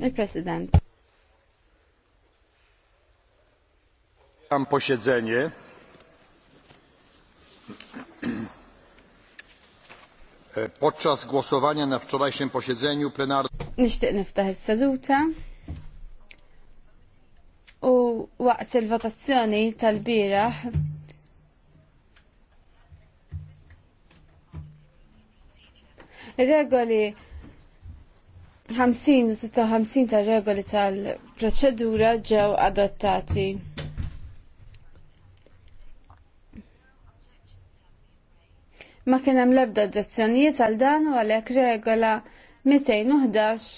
Il-President. Tam posiedzenie. Podczas głosowania na wczorajszym posiedzeniu plenarnym. Nixtieq niftaħ is-seduta. U waqt il-votazzjoni tal-bieraħ regoli 50 u 56 ta' regoli tal-proċedura ġew adottati. Ma kien hemm l-ebda oġġezzjonijiet għal dan u għalhekk regola 211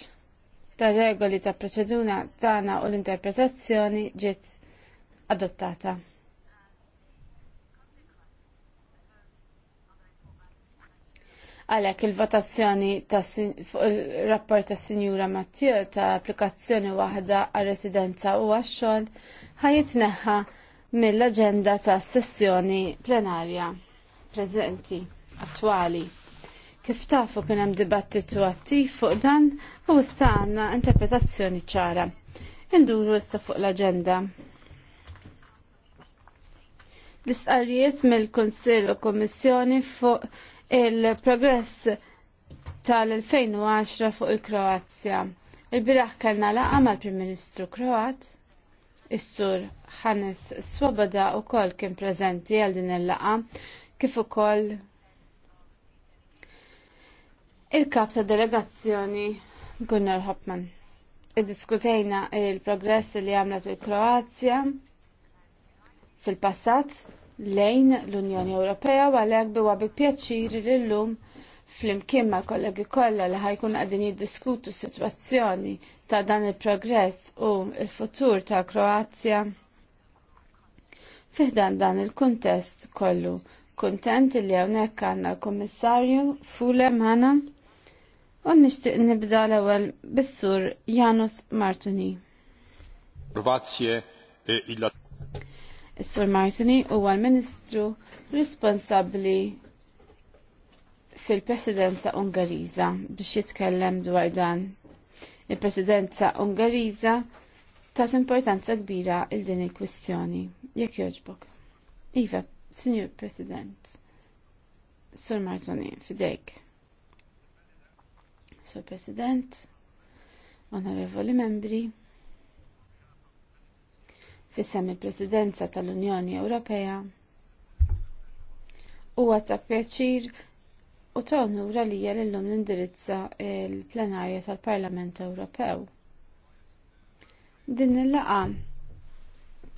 ta' regoli ta' proċedura tagħna u l-interpretazzjoni ġiet adottata. għalek il-votazzjoni fuq il-rapport ta' Sinjura Mattio ta' applikazzjoni waħda għal residenza u għax-xogħol neħħa mill agenda ta' sessjoni plenarja preżenti attwali. Kif tafu kien hemm dibattitu attiv fuq dan u issa għandna interpretazzjoni ċara. Induru issa fuq l-aġenda. L-istqarrijiet mill-Kunsill u Kommissjoni fuq il-progress tal-2010 fuq il-Kroazja. Il-biraħ kellna laqa mal-Prim Ministru Kroat, is-Sur Hannes Swoboda u kol kien preżenti għal din il-laqa kif ukoll il-kap ta' delegazzjoni Gunnar Hopman. Iddiskutejna il-progress li għamlet il-Kroazja fil-passat lejn l-Unjoni Ewropea u għalhekk biwa bi pjaċir lillum flimkien mal kollegi kollha li ħajkun qegħdin jiddiskutu s-sitwazzjoni ta' dan il-progress u l-futur ta' Kroazja. Fiħdan dan il-kuntest kollu, kuntent li hawnhekk għandna l-Kummissarju Fule Mana u nixtieq nibda l-ewwel bis-sur Janus Martuni. Kroazje eh, illa Is-Sur Martini huwa l-Ministru responsabbli fil-Presidenza Ungariża biex jitkellem dwar dan. Il-Presidenza Ungariża ta' importanza kbira il din il-kwistjoni. Jekk joġbok. Iva, Signor President, Sur Martini, fidejk. Sur President, Onorevoli Membri, fissem il-Presidenza tal-Unjoni Ewropea. Huwa ta' pjaċir u ta' rallija l-lum l-indirizza il-plenarja tal-Parlament Ewropew. Din il-laqa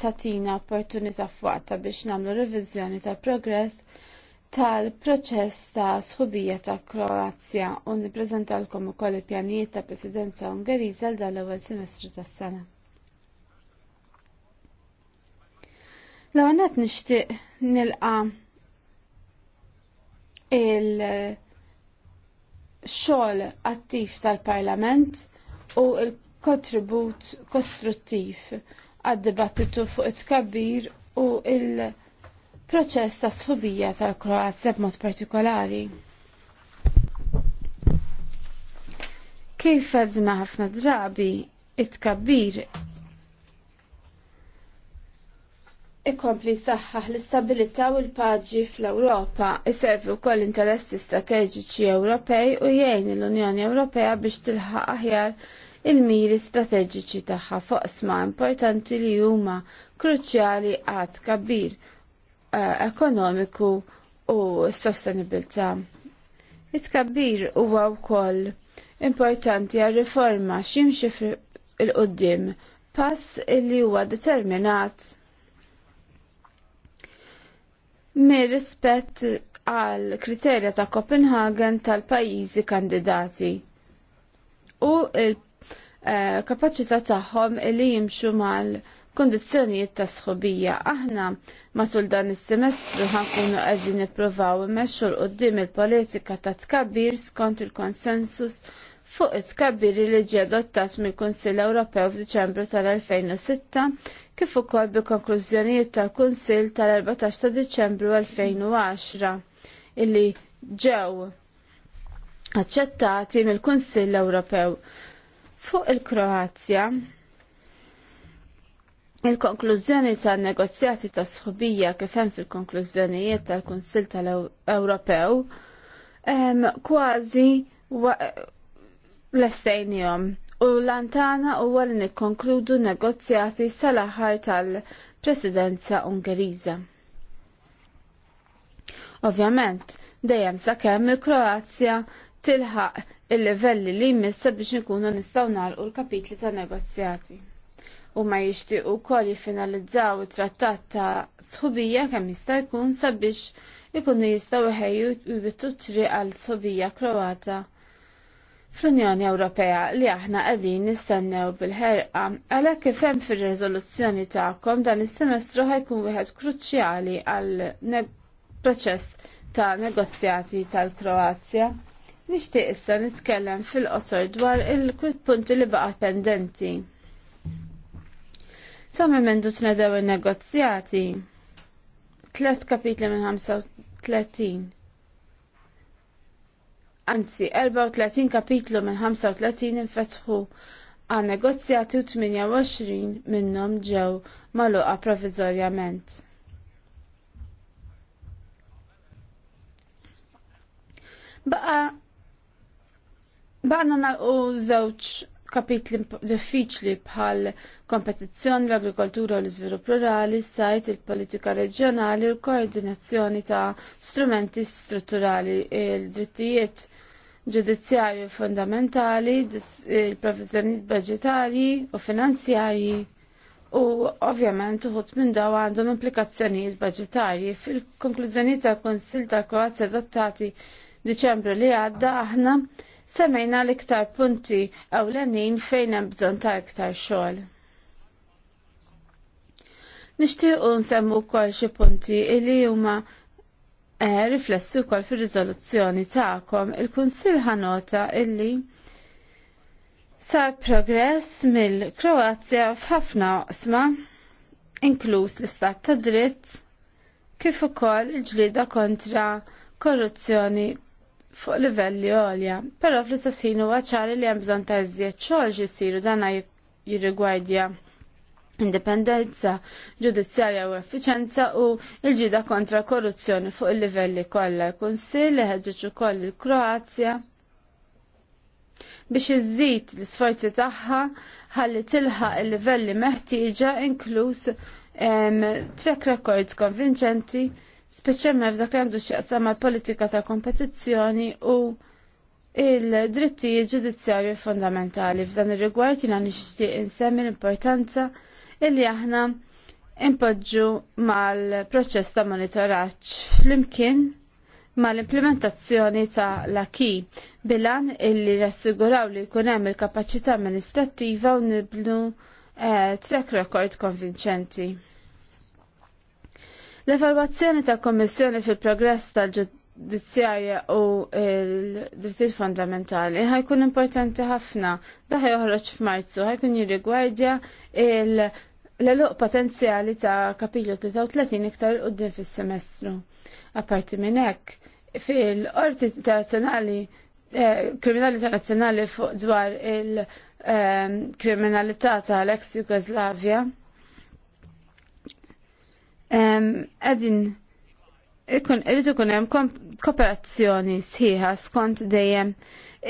tatina opportunità fuqta biex namlu revizjoni tal-progress tal-proċess ta' sħubija ta' Kroazja u nippreżentalkom ukoll il-pjanijiet ta' Presidenza Ungeriża l ewwel semestru tas-sena. L-għanet nishtiq nilqa il-xol attiv tal-parlament u il-kontribut kostruttiv għad-dibattitu fuq it-kabbir u il-proċess ta' sħubija tal-Kroazja b'mod partikolari. Kif għedna ħafna drabi it-kabbir ikompli saħħaħ l-istabilità u l-paġi fl-Ewropa, iservi wkoll interessi strateġiċi Ewropej u jgħin l-Unjoni Ewropea biex tilħaq aħjar il-miri strateġiċi tagħha fuq sma importanti li huma kruċjali għad kabir eh, ekonomiku u s-sostenibilità. It-kabbir huwa wkoll importanti għal riforma ximxi il-qoddim pass li huwa determinat mir rispett għal kriterja ta' Copenhagen tal-pajjiżi kandidati u il-kapaċità eh, tagħhom li jimxu mal kondizzjonijiet ta' sħobija. Aħna matul dan is-semestru ħankunu qegħdin nippruvaw immexxu l qudiem il-politika ta' tkabbir skont il-konsensus fuq it-tkabbir li ġie adottat mill-Kunsill Ewropew f'Diċembru tal-2006 kif ukoll bi konklużjonijiet tal-Kunsill tal-14 ta' Diċembru 2010 illi ġew aċċettati mill-Kunsill Ewropew. Fuq il-Kroazja, Il-konklużjoni tan-negozjati ta' sħubija kif hemm fil-konklużjonijiet tal-Kunsill tal-Ewropew kważi l-estejnijom u l-antana u għal nikkonkludu negozjati sal-aħħar tal-presidenza Ungeriża. Ovvjament, dejjem sakemm il-Kroazja tilħaq il-livelli li jmissa biex nkunu nistgħu nagħlqu l-kapitli ta' negozjati u ma jixtiequ wkoll jifinalizzaw it-trattat ta' sħubija kemm jista' jkun sabiex ikunu jistgħu jħejju u jbittu għal sħubija Kroata fl-Unjoni Ewropea li aħna qegħdin nistennew bil-ħerqa għalhekk kif hemm fir-riżoluzzjoni tagħkom dan is-semestru ħajkun wieħed kruċjali għal proċess ta' negozjati tal-Kroazja. Nixtieq issa nitkellem fil-qosor dwar il-kwit punti li baqa' pendenti. Sa mendu tnedew in-negozjati. Tlet kapitli minn 35 anzi 34 kapitlu minn 35 infetħu għan negozjati u 28 minnhom ġew maluqa provizorjament. Baqa baqna nalqu żewġ kapitli diffiċli bħal kompetizzjoni, l-agrikoltura u l-iżvilupp rurali, sajt, il-politika reġjonali u koordinazzjoni ta' strumenti strutturali, il-drittijiet ġudizzjarju fundamentali, il provizjoni budġetarji u finanzjarji u ovvjament uħut minn daw għandhom implikazzjonijiet budġetarji. Fil-konklużjoni ta' Konsil ta' Kroazja adottati Diċembru li għadda aħna semmejna l-iktar punti ewlenin fejn hemm bżonn ta' iktar xogħol. Nixtiequ nsemmu wkoll xi punti li huma eh, riflessi wkoll fir-riżoluzzjoni tagħkom. Il-Kunsill ħanota illi sar progress mill-Kroazja f'ħafna oqsma, inkluż l-istat ta' dritt, kif ukoll il-ġlieda kontra korruzzjoni fuq livelli għolja, pero fl istessin huwa ċari li hemm bżonn ta' iżjed xogħol jisiru dana jirrigwardja indipendenza ġudizzjarja u effiċenza u l-ġida kontra korruzzjoni fuq il-livelli kollha. Il-Kunsill ħeġġeġ ukoll il-Kroazja biex iżżid l-isforzi tagħha ħalli tilħaq il-livelli meħtieġa inkluż track records konvinċenti speċjalment f'dak li għandu x'jaqsam mal-politika ta' kompetizzjoni u il-drittijiet ġudizzjarju fondamentali. F'dan ir-rigward jiena nixtieq insemmi l-importanza illi aħna impoġġu mal-proċess ta' monitoraġġ flimkien mal-implementazzjoni ta' l-aki bilan illi rassiguraw li jkun hemm il-kapaċità amministrattiva u nibnu eh, track record konvinċenti. L-evalwazzjoni ta' kommissjoni fil-progress tal-ġudizzjarja u l-drittijiet fundamentali ħajkun importanti ħafna. Daħi joħroġ f'Marzu ħajkun jirrigwardja l-eluq potenzjali ta' kapillu 33 iktar qoddim fis-semestru. Apparti minn hekk, fil-qorti internazzjonali eh, kriminali internazzjonali fuq dwar il-kriminalità eh, tal-ex Jugoslavja Għedin, ikun irridu kun hemm kooperazzjoni sħiħa skont dejjem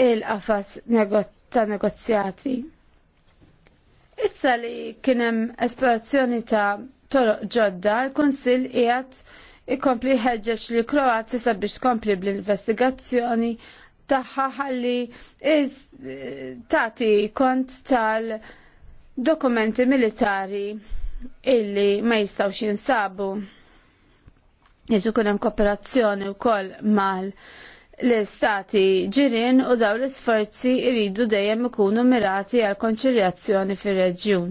il-qafas ta' negozjati. Issa li kienem esplorazzjoni ta' toroq ġodda, il-Konsil qiegħed ikompli ħeġġeġ li Kroazja sabiex tkompli bl-investigazzjoni tagħha ħalli tagħti kont tal-dokumenti militari illi ma jistawx jinsabu. Jiġu kunem kooperazzjoni u koll mal l-istati ġirin u daw l-sforzi iridu dejjem ikunu mirati għal konċiljazzjoni fir reġjun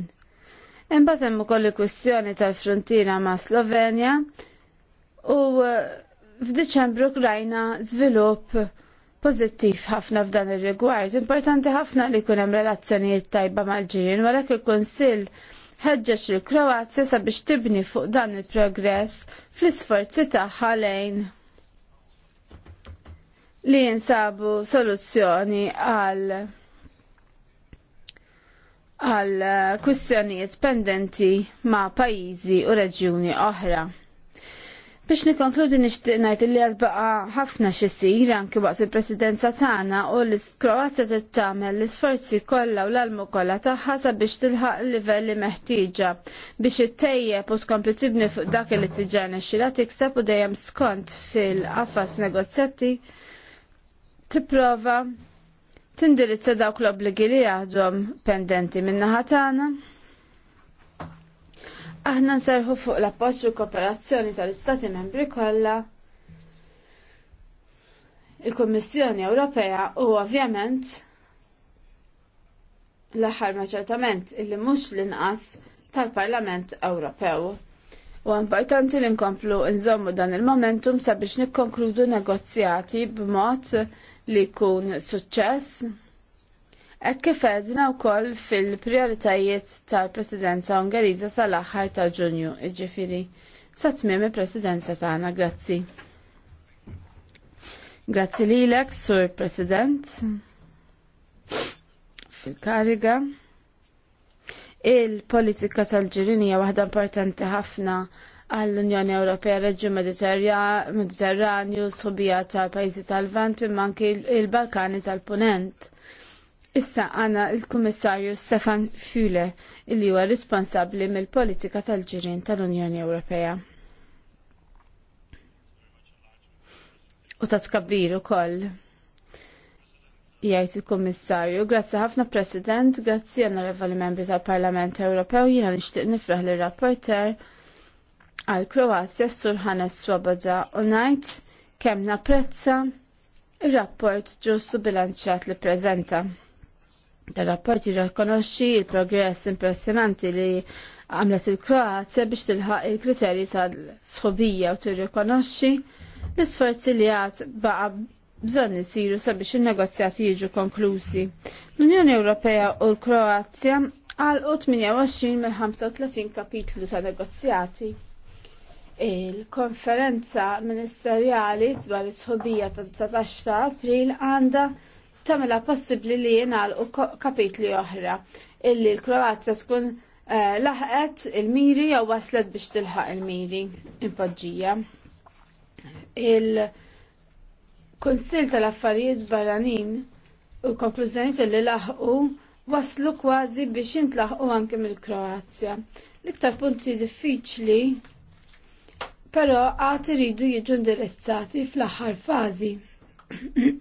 Imbagħad hemm ukoll il-kwistjoni tal-frontiera ma' Slovenja u eh, f'Diċembru rajna żvilupp pozittiv ħafna f'dan ir-rigward. Importanti ħafna li jkun hemm relazzjonijiet tajba mal-ġirien, wara il-Kunsill ħeġġeġ il-Kroazja sabiex tibni fuq dan il-progress fl-isforzi tagħha lejn li jinsabu soluzzjoni għal għal kwistjonijiet pendenti ma' pajjiżi u reġjuni oħra. Biex nikonkludi nixtieq ngħid li għadbaqa baqa ħafna xisir anki waqt il-presidenza tagħna u l-Kroazja qed tagħmel l-isforzi kollha u l-almu kollha tagħha sabiex tilħaq il-livell li meħtieġa biex ittejjeb u tkompli tibni fuq dak li tiġġarna xira tikseb u dejjem skont fil-qafas negozjati tipprova tindirizza dawk l-obbligi li għadhom pendenti minnaħa tagħna. Aħna nserħu fuq l-appoġġ u kooperazzjoni tal-Istati membri kollha il-Kommissjoni Ewropea u ovvjament l-aħħar maċertament illi mhux l-inqas tal-Parlament Ewropew. U importanti li nkomplu nżommu dan il-momentum sabiex nikkonkludu negozjati b'mod li jkun suċċess Ek kif edna wkoll fil-prioritajiet tal-Presidenza Ungeriża sal-aħħar ta' Ġunju, iġifiri, sa tmiem il-Presidenza tagħna, grazzi. Grazzi lilek, Sur President, fil-kariga. Il-politika tal-ġirinija waħda importanti ħafna għall-Unjoni Ewropea reġju Mediterranju, sħubija tal-pajjiżi tal-Vant imma il-Balkani tal-Punent. Issa għana il-Kummissarju Stefan Füle il huwa responsabli mill-politika tal-ġirin tal-Unjoni Ewropea. U ta' tkabbiru koll. Jgħid il-Kummissarju, grazzi ħafna President, grazzi onorevoli membri tal-Parlament Ewropew, jiena nixtieq nifraħ lir rapporter għal Kroazja Sur Hannes Swoboda u ngħid kemm napprezza ir-rapport ġustu bilanċjat li preżenta dar rapporti jirrikonoxxi il-progress impressjonanti li għamlet il-Kroazja biex tilħaq il-kriterji tal-sħobija u tirrikonoxxi l-isforzi li għad baqa bżonn isiru sabiex il-negozjati jiġu konklużi. L-Unjoni Ewropea u l-Kroazja għal 28 mill-35 kapitlu ta' negozjati. Il-konferenza ministerjali dwar is-sħobija ta' 19 ta' april għandha tamela possibli li jenalqu kapitli oħra illi l-Kroazja skun eh, laħqet il-miri jew waslet biex tilħaq il-miri impoġġija. il konsil tal-Affarijiet Barranin u l-konklużjonijiet li laħqu waslu kważi biex jintlaħqu anke mill-Kroazja. L-iktar punti diffiċli però għad iridu jiġu indirizzati fl-aħħar fażi.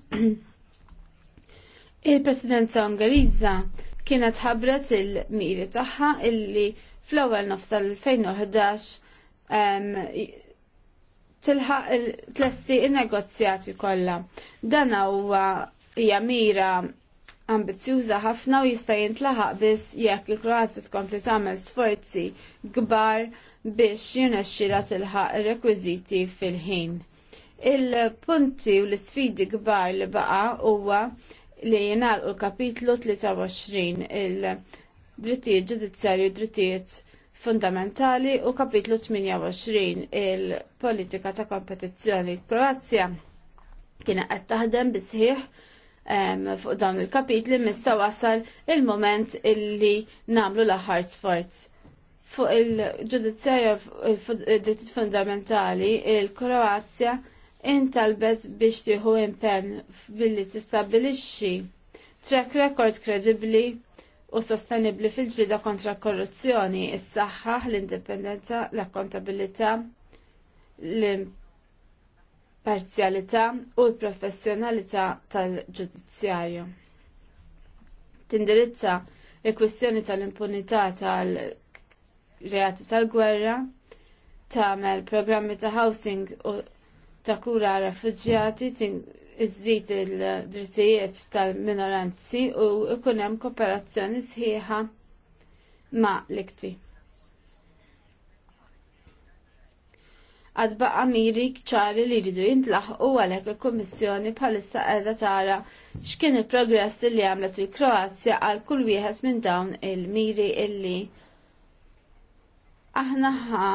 Il-Presidenza Ungarizza kienet ħabret il-miri tagħha illi fl-ewwel nofs tal-2011 tilħaq tlesti il-negozjati kollha. Dan huwa hija mira ambizzjuża ħafna u jista' jintlaħaq biss jekk il-Kroazja tkompli tagħmel sforzi kbar biex jinexxira tilħaq ir-rekwiżiti fil-ħin. Il-punti u l-sfidi kbar li baqa' huwa li jingħalqu l-kapitlu 23 il-drittijiet ġudizzjarju drittijiet fundamentali u kapitlu 28 il-politika ta' kompetizzjoni. Kroazja kienet qed taħdem bisħiħ fuq dawn il-kapitli missa wasal il-moment illi namlu l-aħħar sforz. Fuq il-ġudizzjarju il-drittijiet fundamentali il-Kroazja il ġudizzjarju u drittijiet fundamentali il kroazja il drittijiet fundamentali il kroazja intalbet biex tieħu impenn billi tistabilixxi track record kredibbli u sostenibbli fil ġida kontra korruzzjoni, is saħħa l-indipendenza, l-akkontabilità, l-imparzjalità u l-professjonalità tal-ġudizzjarju. Tindirizza il-kwistjoni tal-impunità tal-reati tal-gwerra, tagħmel programmi ta' housing u ta' kura refuġjati iżżid il-drittijiet tal-minoranzi u ikun hemm kooperazzjoni sħiħa ma' l-ikti. Għad baqa miri ċari li jridu jintlaħqu għalhekk il-Kummissjoni bħalissa qiegħda tara x'kien il-progress li għamlet il-Kroazja għal kull wieħed minn dawn il-miri illi aħna ħa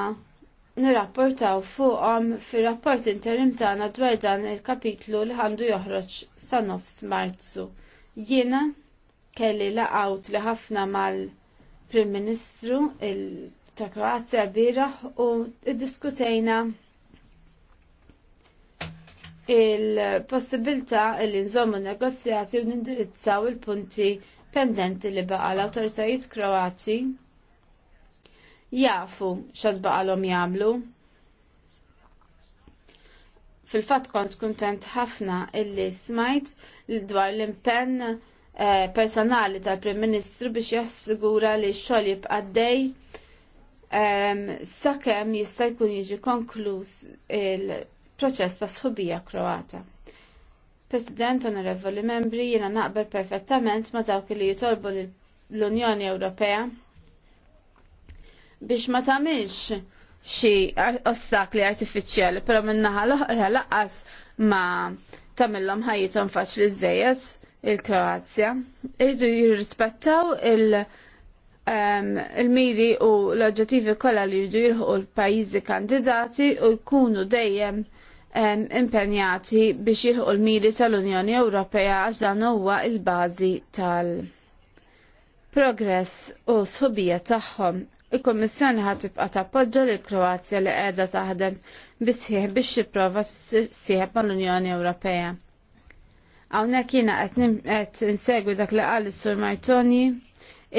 nirrapportaw fuqhom fir-rapport interim tagħna dwar dan il-kapitlu li għandu joħroġ sa nofs Marzu. Jiena kelli laqgħut li ħafna mal-Prim Ministru ta' Kroazja bieraħ u iddiskutejna il-possibilità li nżommu negozjati u nindirizzaw il-punti pendenti li baqa l-autoritajiet Kroati jafu xad baqalhom jagħmlu. Fil-fatt kont kuntent ħafna illi smajt dwar l-impenn eh, personali tal-Prim Ministru biex jassigura li x-xogħol jibqa' dej ehm, sakemm jista' jkun jiġi konkluż il-proċess ta' sħubija Kroata. President Onorevoli Membri, jiena naqbel perfettament ma dawk li jitolbu l-Unjoni Ewropea biex ma tagħmilx xi ostakli artifiċjali, però min-naħa l-oħra laqas ma tagħmilhom ħajjithom faċli żejjed il-Kroazja. Irridu jirrispettaw il- ehm, il-miri u l-oġġettivi kollha li jridu jilħu l-pajjiżi kandidati u jkunu dejjem ehm, impenjati biex jilħu l-miri tal-Unjoni Ewropea għax dan huwa l-bażi tal-progress u sħubija tagħhom. Il-Kommissjoni ħad tibqa' tappoġġa lil Kroazja li qiegħda taħdem bisħieħ biex jipprova tissieħeb mal-Unjoni Ewropea. Hawnhekk jiena qed insegwi dak li qal is-Sur Martoni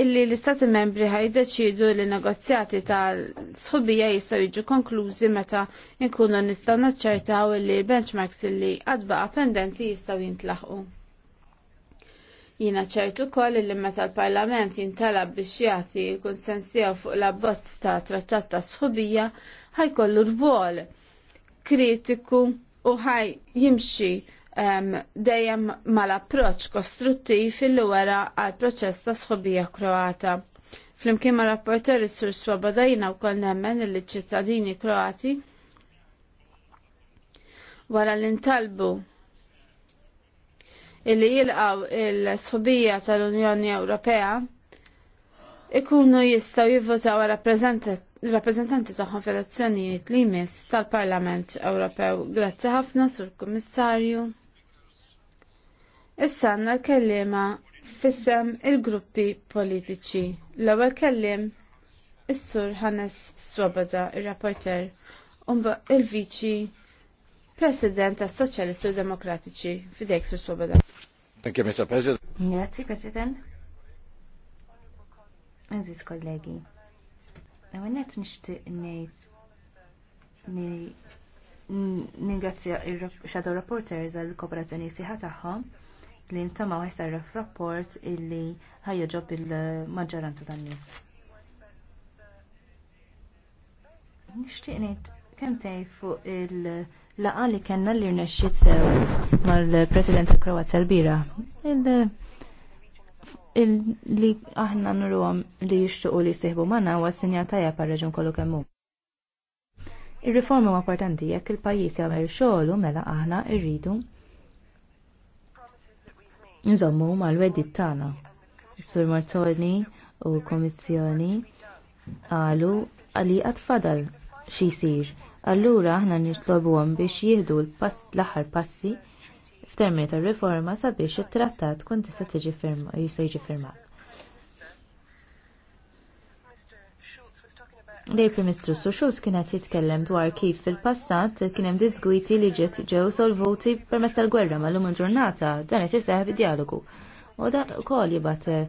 illi l-Istati membri ħajdeċidu li negozjati tal-sħubija jistaw jiġu konklużi meta nkunu nistaw naċċertaw illi benchmarks illi għadba pendenti jistaw jintlaħqu. Jina ċertu koll li meta l-Parlament jintalab biex jagħti l tiegħu fuq l-abbozz ta' trattat ta' sħubija ħajkollu rwol kritiku u ħaj jimxi um, dejjem mal-approċ kostruttiv fil wara għal proċess ta' sħubija Kroata. Flimkien ma' rapporter is-Sur Swoboda jina wkoll nemmen li ċittadini Kroati wara l-intalbu illi jilqaw il-sħubija tal-Unjoni Ewropea ikunu jistaw jivvotaw rappresentanti tagħhom fil-azzjonijiet li jmiss tal-Parlament Ewropew. Grazzi ħafna sur Kummissarju. Issa għandna l-kellima fissem il-gruppi politiċi. L-ewwel kellim is-sur Hannes Swoboda, ir-rapporter, u il-viċi President tas Soċjalisti u Demokratiċi fidejk sur Swoboda. Thank you, Mr. President. Grazie, President. Aziz kollegi, għawennet nishtiq nejt ningrazzja il-Shadow Reporters għal-kooperazzjoni siħa taħħom li ntama għajsar rapport illi ħajjoġob il-maġġoranza tan-nies. Nixtieq ngħid kemm tej fuq il- laqa li kena li rnexxiet sew mal-President tal Kroazja l-bira. li aħna nruhom li jixtuqu li jsiħbu magħna huwa sinjal tajja par-reġun kollu kemmu. hu. Ir-riforma huwa importanti jekk il-pajjiż jagħmel xogħlu mela aħna rridu nżommu mal weddit tagħna. Sur Martoni u komissjoni għalu għali għatfadal xisir. Allura aħna nitlobuhom biex jieħdu l-pass l-aħħar passi f'termini ta' riforma sabiex it-trattat kun tista' tiġi firma jista' jiġi firmat. Lej Primistru Schulz kien qed jitkellem dwar kif fil-passat kien hemm disgwiti li ġiet ġew solvuti permezz tal-gwerra mal-lum il-ġurnata dan qed id dialogu. U dan ukoll jibgħat eh,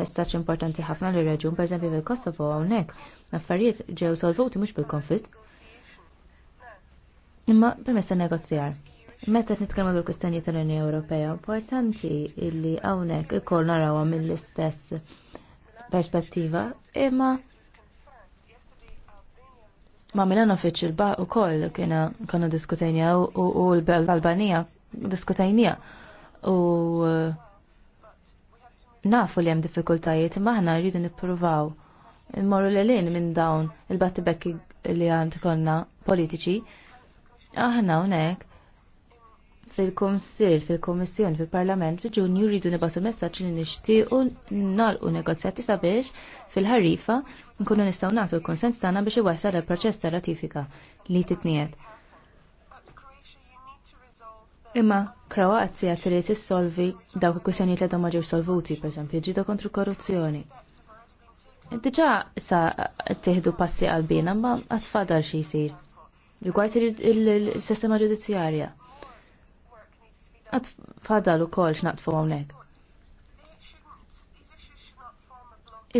messaġġ importanti ħafna lir reġjun pereżempju fil-Kosovo hawnhekk affarijiet ġew solvuti mhux bil-konflitt Imma permessa negozjar. Meta nitkellmu dwar kwistjonijiet tal-Unjoni Ewropea, importanti illi hawnhekk ikoll narawha mill-istess perspettiva, imma ma Milan Office il-ba u koll konna diskutajnija u l belt Albanija diskutajnija u eh, nafu li hemm diffikultajiet imma aħna rridu nippruvaw immorru l minn dawn il-battibekki li għand konna politiċi Aħna hawnhekk fil-Konsil, fil komissjon fil-Parlament, fil-Ġunju rridu nibatu messaġġ li nixtiequ nagħlqu negozjati sabiex fil-ħarifa nkunu nistgħu nagħtu l-konsens tana biex iwassal il-proċess ta' ratifika li titniet. Imma Kroazja trid issolvi dawk il-kwistjonijiet li għadhom ma solvuti, solvuti, pereżempju ġidu kontru korruzzjoni. Diġà sa tieħdu passi qalbina, ma għatfadal xi jsir rigward il-sistema ġudizzjarja. Għad fadal u kol xnaqtfu għonek.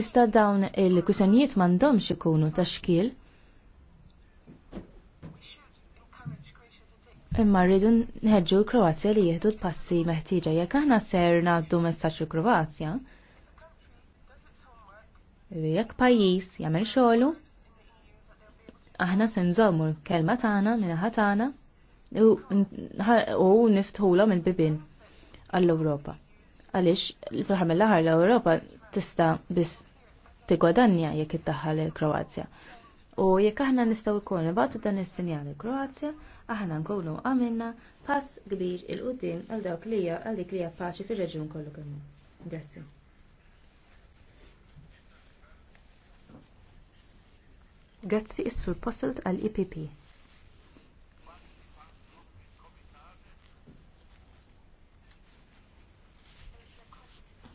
Ista dawn il-kusenijiet mandom ikunu ta' xkil. Imma rridu nħedġu l-Kroazja li jieħdu t passi meħtieġa jekk aħna ser ngħaddu messaġġ il-Kroazja. Jekk pajjiż jagħmel xogħlu, aħna se nżommu l-kelma tagħna minnaħa tagħna u niftħulhom il-bibin għall-Ewropa. Għaliex fl-ħar mill-aħħar l-Ewropa tista' biss tigwadanja jekk iddaħħal il-Kroazja. U jekk aħna nistgħu jkun nibgħatu dan is-sinjal il-Kroazja, aħna nkunu għamilna pass kbir il-qudiem għal dawk li hija għalik li hija paċi fir-reġjun kollu kemm. Grazie. Grazzi is-sur Posselt għal IPP.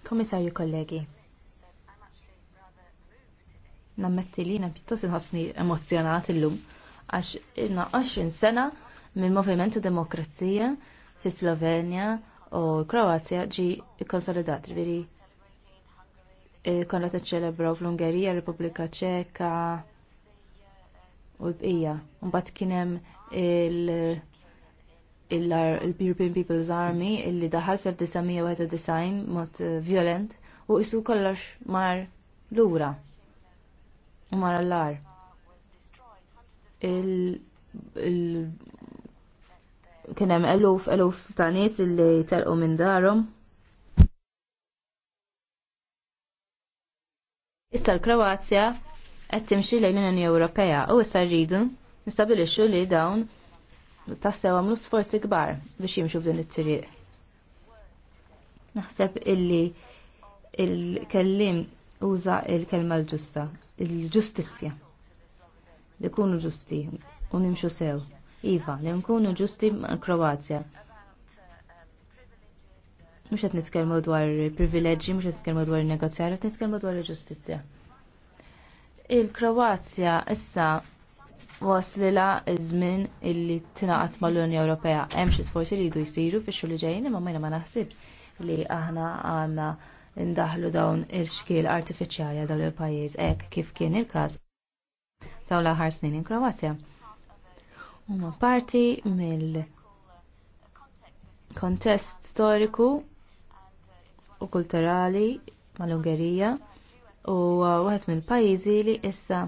Komissarju kollegi, nammetti li jina pittos inħossni emozjonat illum għax inna 20 sena minn Moviment Demokrazija fi Slovenja u Kroazja ġi konsolidat, veri eh, konna t-ċelebraw fl-Ungerija, Republika Ċeka, u l-bqija. Mbagħad kien hemm il-European People's Army illi daħal fl-1991 mod eh, violent u isu kollox mar lura u mar allar. Kien hemm eluf eluf ta' nies illi telqu minn darhom. Issa l-Kroazja qed timxi lejn l-Unjoni Ewropea u issa rridu nistabilixxu li dawn tassew għamlu sforzi kbar biex jimxu f'din it-triq. Naħseb illi il-kellim uża il-kelma l-ġusta, il-ġustizzja. Li kunu ġusti u nimxu sew. Iva, li nkunu ġusti mal-Kroazja. Mux għet nitkelmu dwar privileġi, mux għet nitkelmu dwar negozjar, għet nitkelmu dwar il-ġustizja. Il-Kroazja issa waslila iż-żmien illi tingħaqad mal-Unja Ewropea. Hemm xi sforzi li jdu jsiru fix-xhur li ġejjin imma mejna ma naħsibx li aħna għandna ndaħlu dawn il-xkiel artifiċjali dawn il-pajjiż hekk kif kien il-każ dawn l-aħħar snin in Kroatja. Huma parti mill kontest storiku u kulturali mal-Ungerija u uh, waħed minn pajjiżi li issa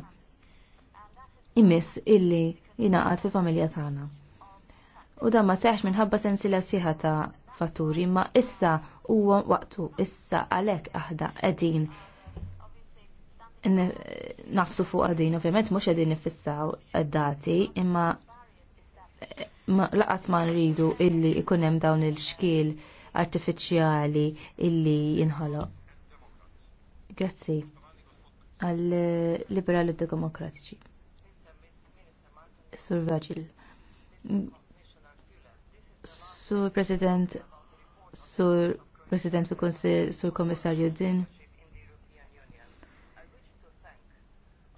imiss illi jinaqat fi familja tagħna. U dan ma seħx minħabba sensila siħa ta' fatturi, ma issa u waqtu issa għalhekk aħda qegħdin nafsu fuq għadin, ovvjament mux għadin nifissaw għaddati, imma laqas ma nridu illi ikunem dawn il-xkil artificiali illi jinħoloq. Grazzi għal-liberali demokratiċi. Sur Vagil. Sur President, Sur President fil konsil Sur Komissarju Din.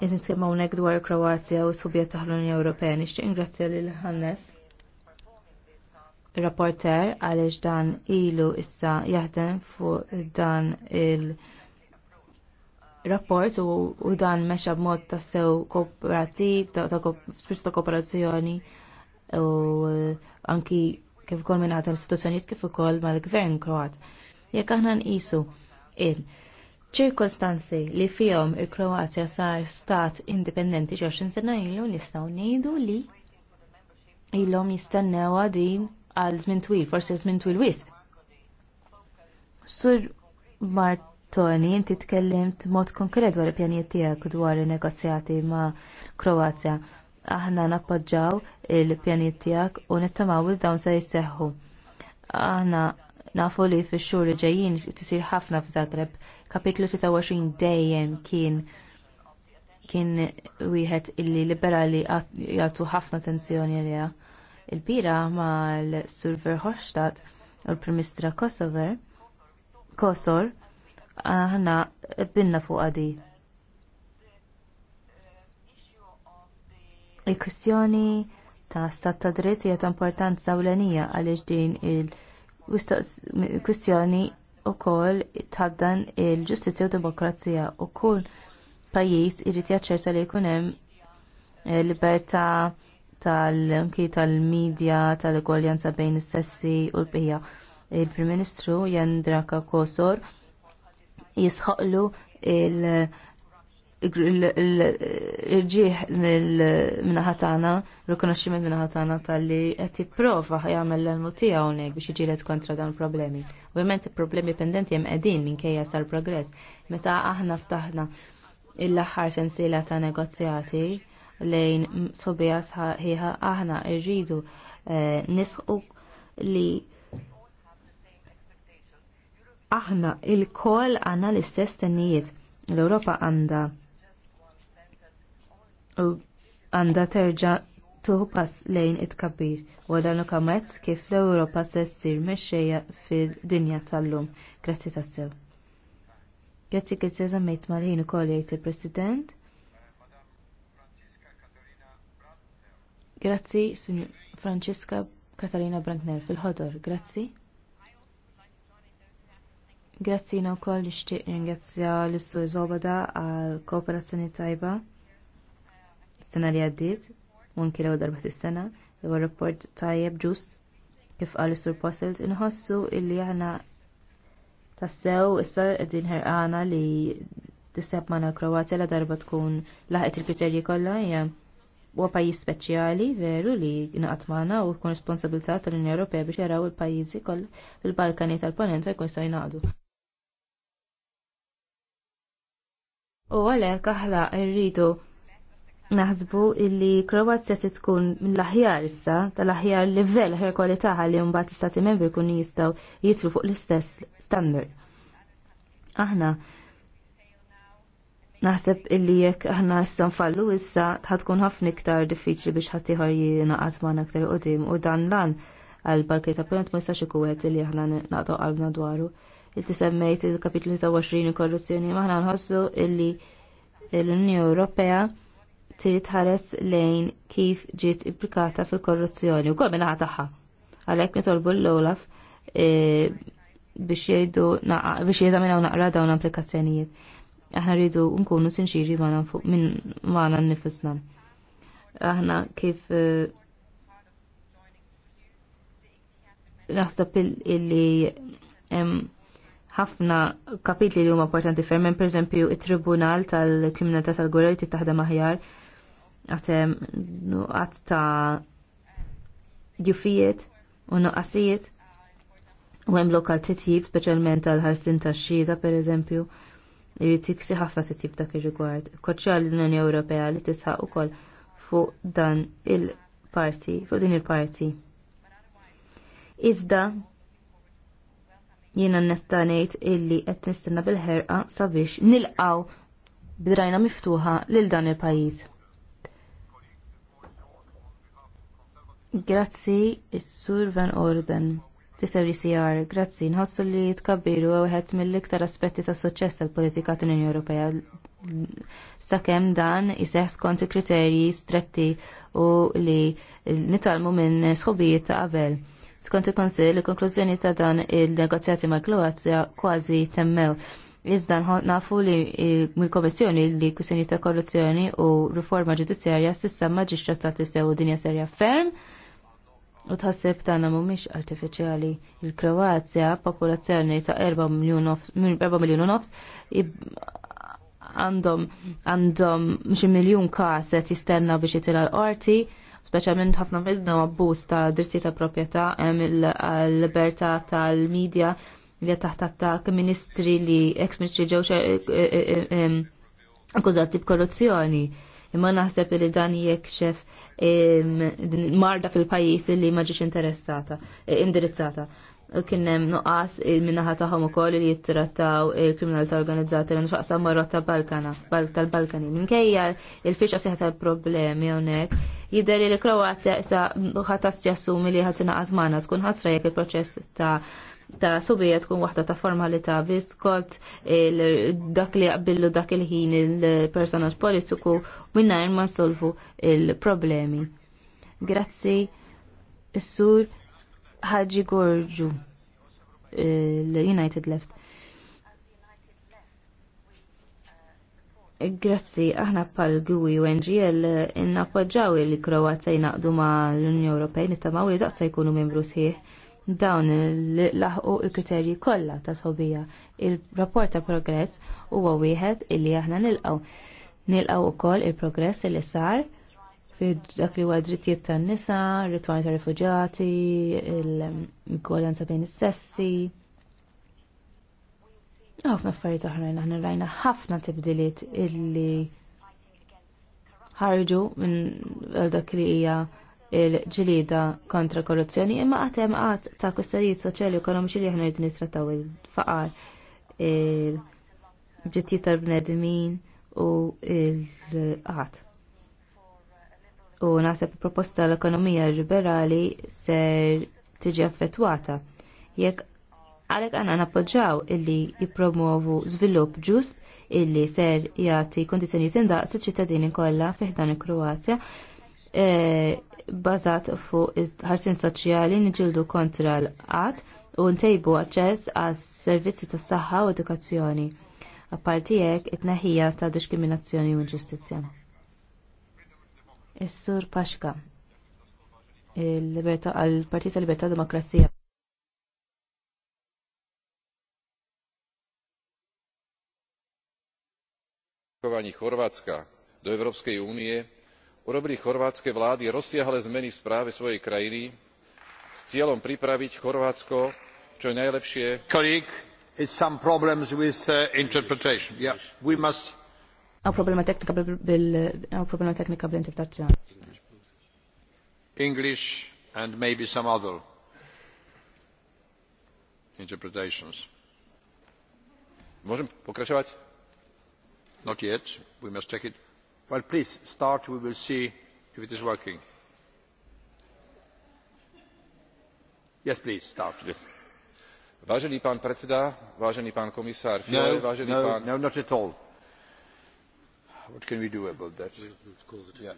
Jizn nitkellmu unek dwar Kroazja u subjet taħl-Unjoni Ewropea. Nishtiq ingrazzja lil Ħannes rapporter għaliex dan ilu issa jaħdem fuq dan il- rapport u, u dan meċa b'mod ta' sew kooperativ, ta' ta, ta' kooperazzjoni u eh, anki kif ukoll minn għata l-istituzzjonijiet kif ukoll mal-gvern Kroat. Jekk aħna nqisu il ċirkostanzi li fihom il-Kroatja sar stat indipendenti xorxin sena ilu nistaw ngħidu li ilhom jistennewha din għal żmien twil, forsi żmien twil wisq. Sur Mart Tony, inti tkellimt mod konkret dwar il-pjanijiet tiegħek dwar il-negozjati ma' Kroazja. Aħna nappoġġaw il-pjanijiet tiegħek u nittamaw il dawn se jisseħħu. Aħna nafu li fix-xhur li ġejjin tisir ħafna f'Zagreb. Kapitlu 26 dejjem kien kien wieħed illi liberali jagħtu ħafna attenzjoni għaliha. Il-bira mal-Sur Verhofstadt u l-Primistra Kosover Kosor aħna binna fuq għadi. Il-kwistjoni ta' stat ta' dritt hija ta' importanza ewlenija għaliex din il-kwistjoni wkoll tħaddan il-ġustizzja u demokrazija u kull pajjiż irrit jaċċerta li jkun hemm eh, libertà tal-mki tal-medja tal-egwaljanza bejn is-sessi u l-bija. Il-Prim Ministru Jendra Kosor jisħoqlu il- ġieħ minnaħatana, rikonoxximent minnaħatana tal-li qed jipprova ħajamel l-elmu tiegħu hawnhekk biex jiġilet kontra dawn problemi. Ovvijament, il-problemi pendenti hemm qegħdin minkejja sar progress Meta aħna ftaħna l-aħħar sensiela ta' negozjati lejn sobija sħiħa aħna rridu eh, nisqu li aħna il kol għanna l-istess tennijiet. L-Europa għanda għanda terġa tuħpas lejn it-kabir u dan kamet kif l-Europa se ssir mexxejja fil-dinja tal-lum. Grazzi tassew. Grazzi grazzi se żammejt mal-ħin ukoll jgħid il-President. Grazzi, Francesca Katarina Brantner fil-ħodor. Grazzi. Grazzina u koll nishtiq ringrazzja l-Sur Zobada għal kooperazzjoni tajba s-sena li għaddit, un l darba s-sena, jew rapport tajjeb ġust kif qal is-Sur Posselt inħossu illi aħna tassew issa qegħdin ħerqana li tiseb mana Kroatja la darba tkun laħet il-kriterji kollha hija huwa pajjiż speċjali veru li naqgħod magħna u jkun responsabilità tal-Unjoni Ewropea biex jaraw il-pajjiżi kollha fil-Balkani tal-Ponent jkun jistgħu jnaqdu. U għalhekk aħna rridu naħsbu illi Kroazja se tkun mill-aħjar issa, tal-aħjar livell, aħjar kwalità li mbagħad istati membri kun jistgħu jitru fuq l-istess standard. Aħna naħseb illi jekk aħna issa nfallu issa tkun ħafna iktar diffiċli biex ħadd ieħor jingħaqad ma aktar qudiem u dan lan għal balkej ta' ma jistax ikun li aħna naqgħu qalbna dwaru il-tisemmejt il-kapitlu il korruzzjoni maħna nħossu illi l-Unjoni Ewropea trid tħares lejn kif ġiet implikata fil-korruzzjoni u kol minnaħa tagħha. Għalhekk nitolbu l-Olaf e, biex jgħidu biex jeżaminaw naqra dawn applikazzjonijiet. Aħna rridu nkunu sinċiri minn magħna nnifisna. Aħna kif e, naħseb illi ħafna kapitli li huma importanti fermen, per eżempju, it-Tribunal tal-Kriminalità tal-Gwerra li tittaħdem aħjar għatem nuqqat ta' ġufijiet u nuqqasijiet u hemm lokal titjib, speċjalment tal-ħarsin tax-xhieda, per eżempju, irid tiksi ħafna titjib dak ir-rigward. Koċċa l-Unjoni Ewropea li tisħaq ukoll fuq dan il-parti, fuq din il-parti. Iżda Jiena nista' ngħid illi qed nistenna bil-ħerqa sabiex nilqaw bidrajna miftuħa lil dan il-pajjiż. Grazzi is-Sur Van Orden fisser ICR, grazzi, nħossu li tkabbiru għawħet mill-iktar aspetti ta' suċċess tal-politika tal-Unjoni Ewropea. Sakemm dan iseħ skont kriterji stretti u li nitalmu minn sħobijiet ta' qabel. Skont il-Konsil, il-konklużjoni ta' dan il-negozjati ma' Kroazja kważi temmew. Iżda nafu li mill-Komissjoni li kwistjoni ta' korruzzjoni u riforma ġudizzjarja sissa ma ġiex ċattati sew dinja serja ferm u tħassib tagħna mhumiex artifiċjali. Il-Kroazja, popolazzjoni ta' 4 miljun nofs, għandhom għandhom xi miljun każ qed jistenna biex jitilha l-qorti speċjalment ħafna minna abbuż ta' dritti ta' proprjetà hemm il-libertà tal-medja li taħt attak ministri li ex-ministri ġew e- e- e- akkużati b'korruzzjoni. Imma naħseb li dan jekk xef marda fil pajjiż li ma ġiex interessata, indirizzata kien hemm nuqqas minnaħa tagħhom ukoll li jittrattaw il-kriminalità organizzata li nxaqsam marrotta Balkana, tal-Balkani. Minkejja il-fiċqa tal problemi hawnhekk jidher li Kroazja issa ħatas jassumi li ħadd ingħaqad magħna tkun ħasra jekk il-proċess ta' ta' subija tkun waħda ta' formalità biskot dak li jaqbillu dak il-ħin il-personaġġ politiku minna ma solvu il-problemi. Grazzi, is-sur Ħaġi Gorġu, l-United Left. Grazzi, aħna pal gwi u NGL innappoġġaw li Kroazja jnaqdu ma' l-Unjoni Ewropea nittamaw li daqsa jkunu membru sħiħ dawn laħqu il-kriterji kollha ta' sobija. Il-rapport ta' progress huwa wieħed illi aħna nilqgħu. Nilqgħu ukoll il-progress li sar fid dak li huwa drittijiet tan-nisa, ritwani ta' rifuġati, il-gwaljanza bejn is-sessi ħafna affarijiet oħrajn aħna rajna ħafna tibdiliet illi ħarġu minn dak li hija il-ġilida kontra korruzzjoni imma qatt hemm qatt ta' kustarijiet soċjali u ekonomiċi li aħna rrid nittrattaw il-faqar il-ġittijiet tal-bnedmin u il-qatt. U naħseb proposta l-ekonomija liberali ser tiġi affettwata jekk Għalhekk għandna nappoġġaw illi jippromovu żvilupp ġust illi ser jagħti kondizjoni tinda s ċittadini kollha fih dan il-Kroazja e, bażat fuq ħarsin soċjali niġildu kontra l-qatt u ntejbu aċċess għas servizzi tas saħħa u edukazzjoni. A hekk it ta' diskriminazzjoni u ġustizja. Is-Sur Paxka, il-Partit partita libertà Demokrazija. rokovaní chorvátska do európskej únie urobili chorvátske vlády rozsiahle zmeny v správe svojej krajiny s cieľom pripraviť chorvátsko čo najlepšie uh, Għaw and maybe Not yet. We must check it. Well, please start. We will see if it is working. Yes, please start. Yes. Vážený pán predseda, vážený pán komisár no, vážený no, pán... No, not at all. What can we do about that? we'll call the yeah.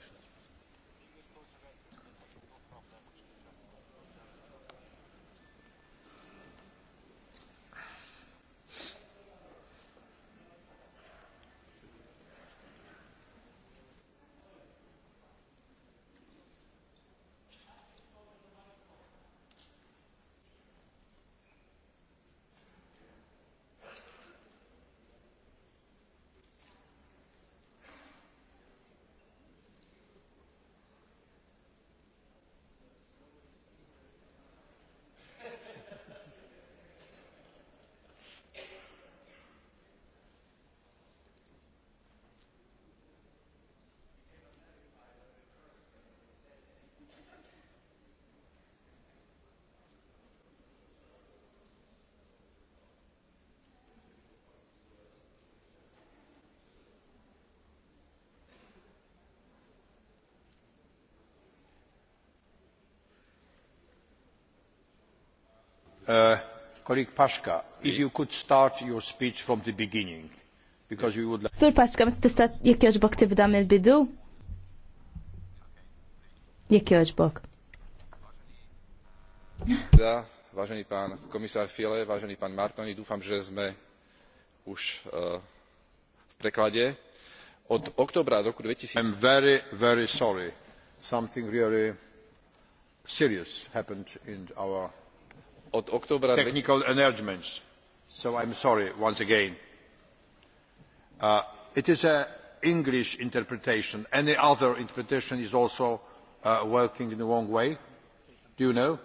Uh, colleague Pashka, if you could start your speech from the beginning, because we would like... Sur Pashka, mis tista jek joġbok tibda mil bidu Jek joġbok. Da, vážený pán komisár Fiele, vážený pán Martoni, dúfam, že sme už uh, v preklade. Od oktobra roku 2000... I'm very, very sorry. Something really serious happened in our od oktobra technical enlargements so i'm sorry once again uh, it is an english interpretation any other interpretation is also uh, working in the wrong way do you know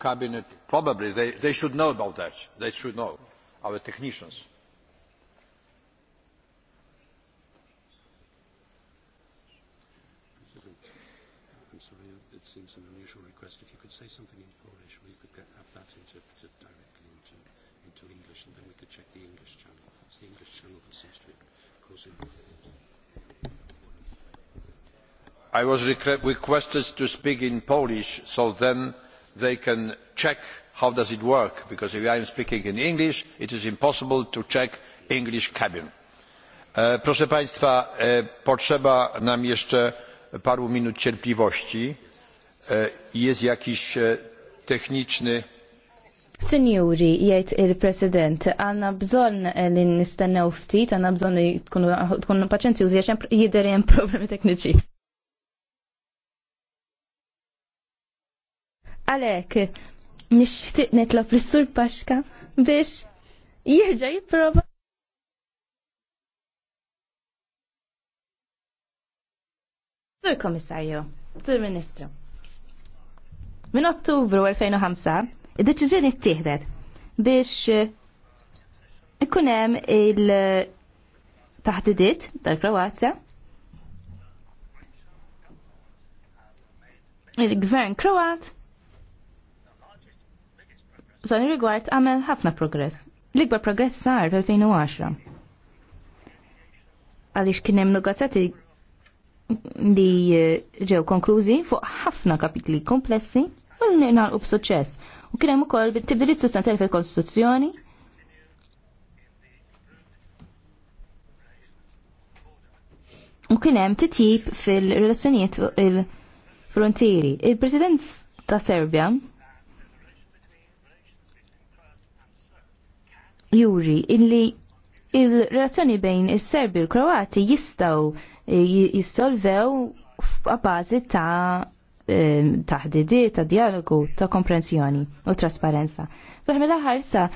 cabinet probably they, they should know about that they should know our technicians say something in Polish, we could get, have that interpreted directly into, into English, and then we could check the English channel. It's the English channel that seems to be causing I was requested to speak in Polish, so then they can check how does it work, because if I am speaking in English, it is impossible to check English cabin. E, proszę Państwa, e, potrzeba nam jeszcze paru minut cierpliwości. E, jest jakiś e, techniczny Sinjuri, jajt il-President, għanna bżon e, li nistennew ftit, għanna bżon li tkunu paċenzi użi għaxem jider jem problemi tekniċi. Għalek, nishtiq netlop l-sur Paxka biex jirġa jipprova. Sur Komissarju, Sur Ministru. Minn Ottubru 2005, id-deċiżjoni ttieħdet biex eh, ikun hemm il taħtidit tal-Kroazja. Il-gvern Kroat Zani rigward għamel ħafna progress. L-ikbar progress sar fil-2010. Għaliex kien hemm negozjati li eh, ġew konklużi fuq ħafna kapitli komplessi u nagħlqu b'suċċess. U kien hemm ukoll tibdiliet sustanzjali fil-Kostituzzjoni. U kien hemm titjib fil-relazzjonijiet il-frontieri. Il-President ta' Serbja juri illi il-relazzjoni bejn is-Serbi u l-Kroati jistaw eh, jissolvew f'bażi ta' taħdidiet, ta' dialogu, ta' komprensjoni u trasparenza. Fl-ħmi l-aħħar sa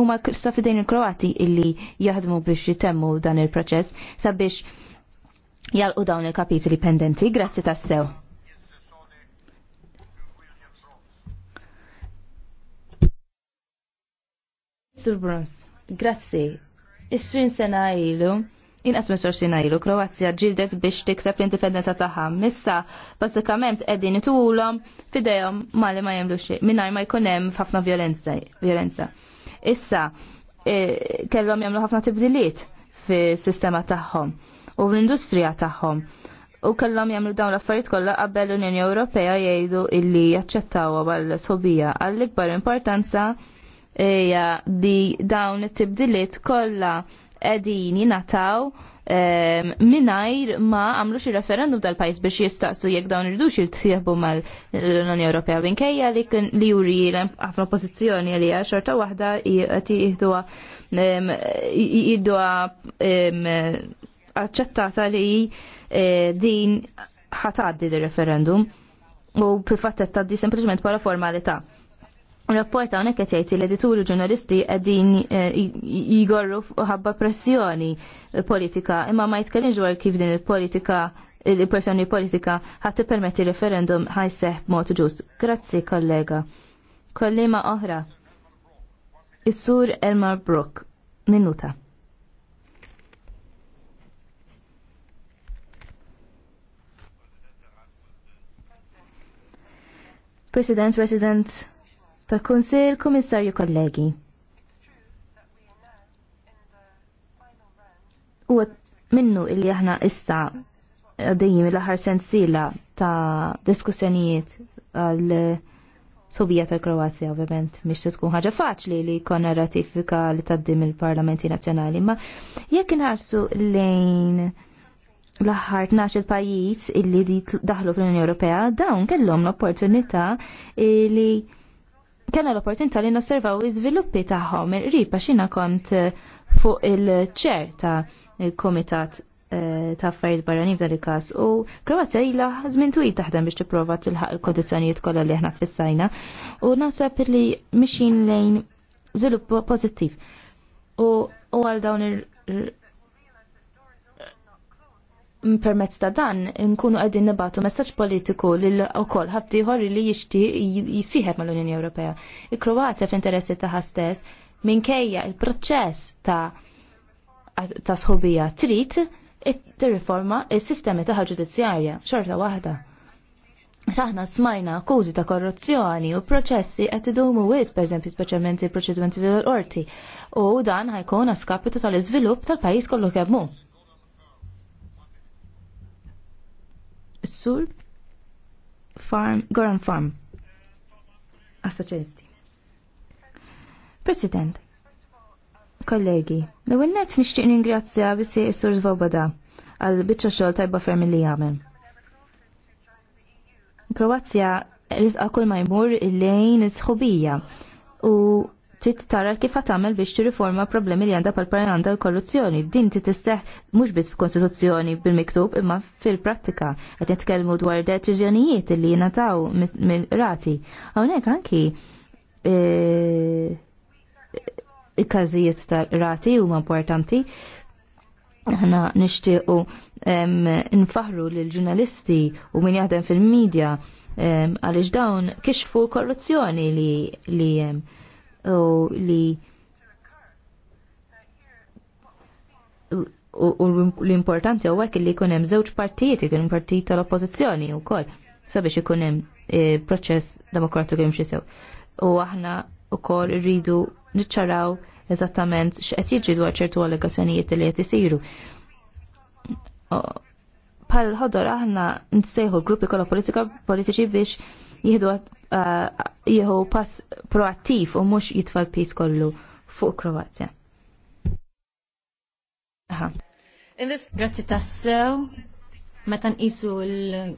huma sa fidejn il-Kroati illi jahdmu biex jitemmu dan il-proċess sabiex jalqu dawn il kapitli pendenti. Grazzi tassew. Sur Bruns, grazzi. 20 sena ilu inqas minn sorsi najlu, Kroazja ġildet biex tikseb l-indipendenza tagħha. Missa bażikament qegħdin itulhom fidejhom mali ma jagħmlu xejn mingħajr ma jkun hemm ħafna violenza. Issa e, kellhom jagħmlu ħafna tibdiliet fis-sistema tagħhom u l-industrija tagħhom. U kellhom jagħmlu dawn l-affarijiet kollha qabel l-Unjoni Ewropea jgħidu illi jaċċettawha bħal sobija għall-ikbar importanza hija di dawn it-tibdiliet kollha edin jinataw minajr ma għamlu xi referendum tal-pajis biex jistaqsu jekk dawn irdux jiltieħbu mal-Unjoni Ewropea minkejja li kien li juri ħafna oppożizzjoni li hija xorta waħda qed jieħduha jidduha aċċettata li e, din ħatgħaddi di referendum u privat tgħaddi sempliċement bħala formalità. Rapporta għonek għetjajti l-edituri ġurnalisti għedin eh, jgorru ħabba pressjoni politika, imma ma jitkellin dwar kif din il-politika il pressjoni politika ħat permetti referendum ħajseħ mod ġust. Grazzi, kollega. Kollima oħra. Is-sur Elmar Brook. Minuta. President, President, tal-Kunsil, Kummissarju kollegi. U minnu illi aħna issa għaddejjim l-aħħar sensila ta' diskussjonijiet għal subija tal Kroazja ovvjament mhix tkun ħaġa faċli li jkollna ratifika li taddim il-Parlamenti Nazzjonali, ma jekk inħarsu lejn l-aħħar 12 pajjiż illi daħlu fl-Unjoni Ewropea dawn kellhom l-opportunità li kena l-opportunità li nosservaw iżviluppi tagħhom il-qrib għax kont eh, fuq il-ċer ta' il-Komitat eh, ta' affarijiet barranin f'dan il-każ u Kroazja ilha żmien twil taħdem biex tipprova tilħaq il-kondizzjonijiet kollha li aħna fissajna u naħseb li mixin lejn żvilupp pożittiv. U għal dawn permezz ta' dan nkunu qegħdin nibatu messaġġ politiku lil ukoll ħaddieħor li jixtieq jisieħeb mal-Unjoni Ewropea. il kroatia f'interessi tagħha stess minkejja il-proċess ta' ta' sħobija trid tirriforma s-sistemi tagħha ġudizzjarja xorta waħda. Aħna smajna akkużi ta' korruzzjoni u proċessi qed idumu wis pereżempju speċjalment il-proċedimenti fil-qorti u dan ħajkun għaskapitu tal-iżvilupp tal-pajjiż kollu kemm Sur Farm, Goran Farm, Assoċjalisti. President, kollegi, l-ewwel nett nixtieq ningrazzja bisi sur Svoboda għal biċċa xogħol tajba ferm li jagħmel. Kroazja risqa kull ma jmur lejn is-sħubija u trid tara kif tagħmel biex tirriforma problemi li għandha pal għandha l-korruzzjoni. Din ti tisseħ mhux biss f'Kostituzzjoni bil-miktub imma fil-prattika qed nitkellmu dwar deċiżjonijiet li jingħataw mill-rati. Hawnhekk anki e, il-każijiet tal-rati huma importanti. Aħna nixtiequ nfaħru lill ġurnalisti u min jaħdem fil-medja għaliex dawn kixfu korruzzjoni li hemm u li u l-importanti u għek li kunem zewċ partijiet, kunem partijiet tal-oppozizjoni u kol, sabiex kunem eh, proċess demokratiku jimxie sew. U aħna u kol rridu nċaraw eżattament x'qed jiġri dwar ċertu allegazzjonijiet li qed isiru. Pal ħodor aħna nsejħu l-gruppi kollha politika politiċi biex jihdu eh, jieħu pass proattiv u mhux jitfall pis kollu fuq Kroazja. Grazie tassew, meta nqisu l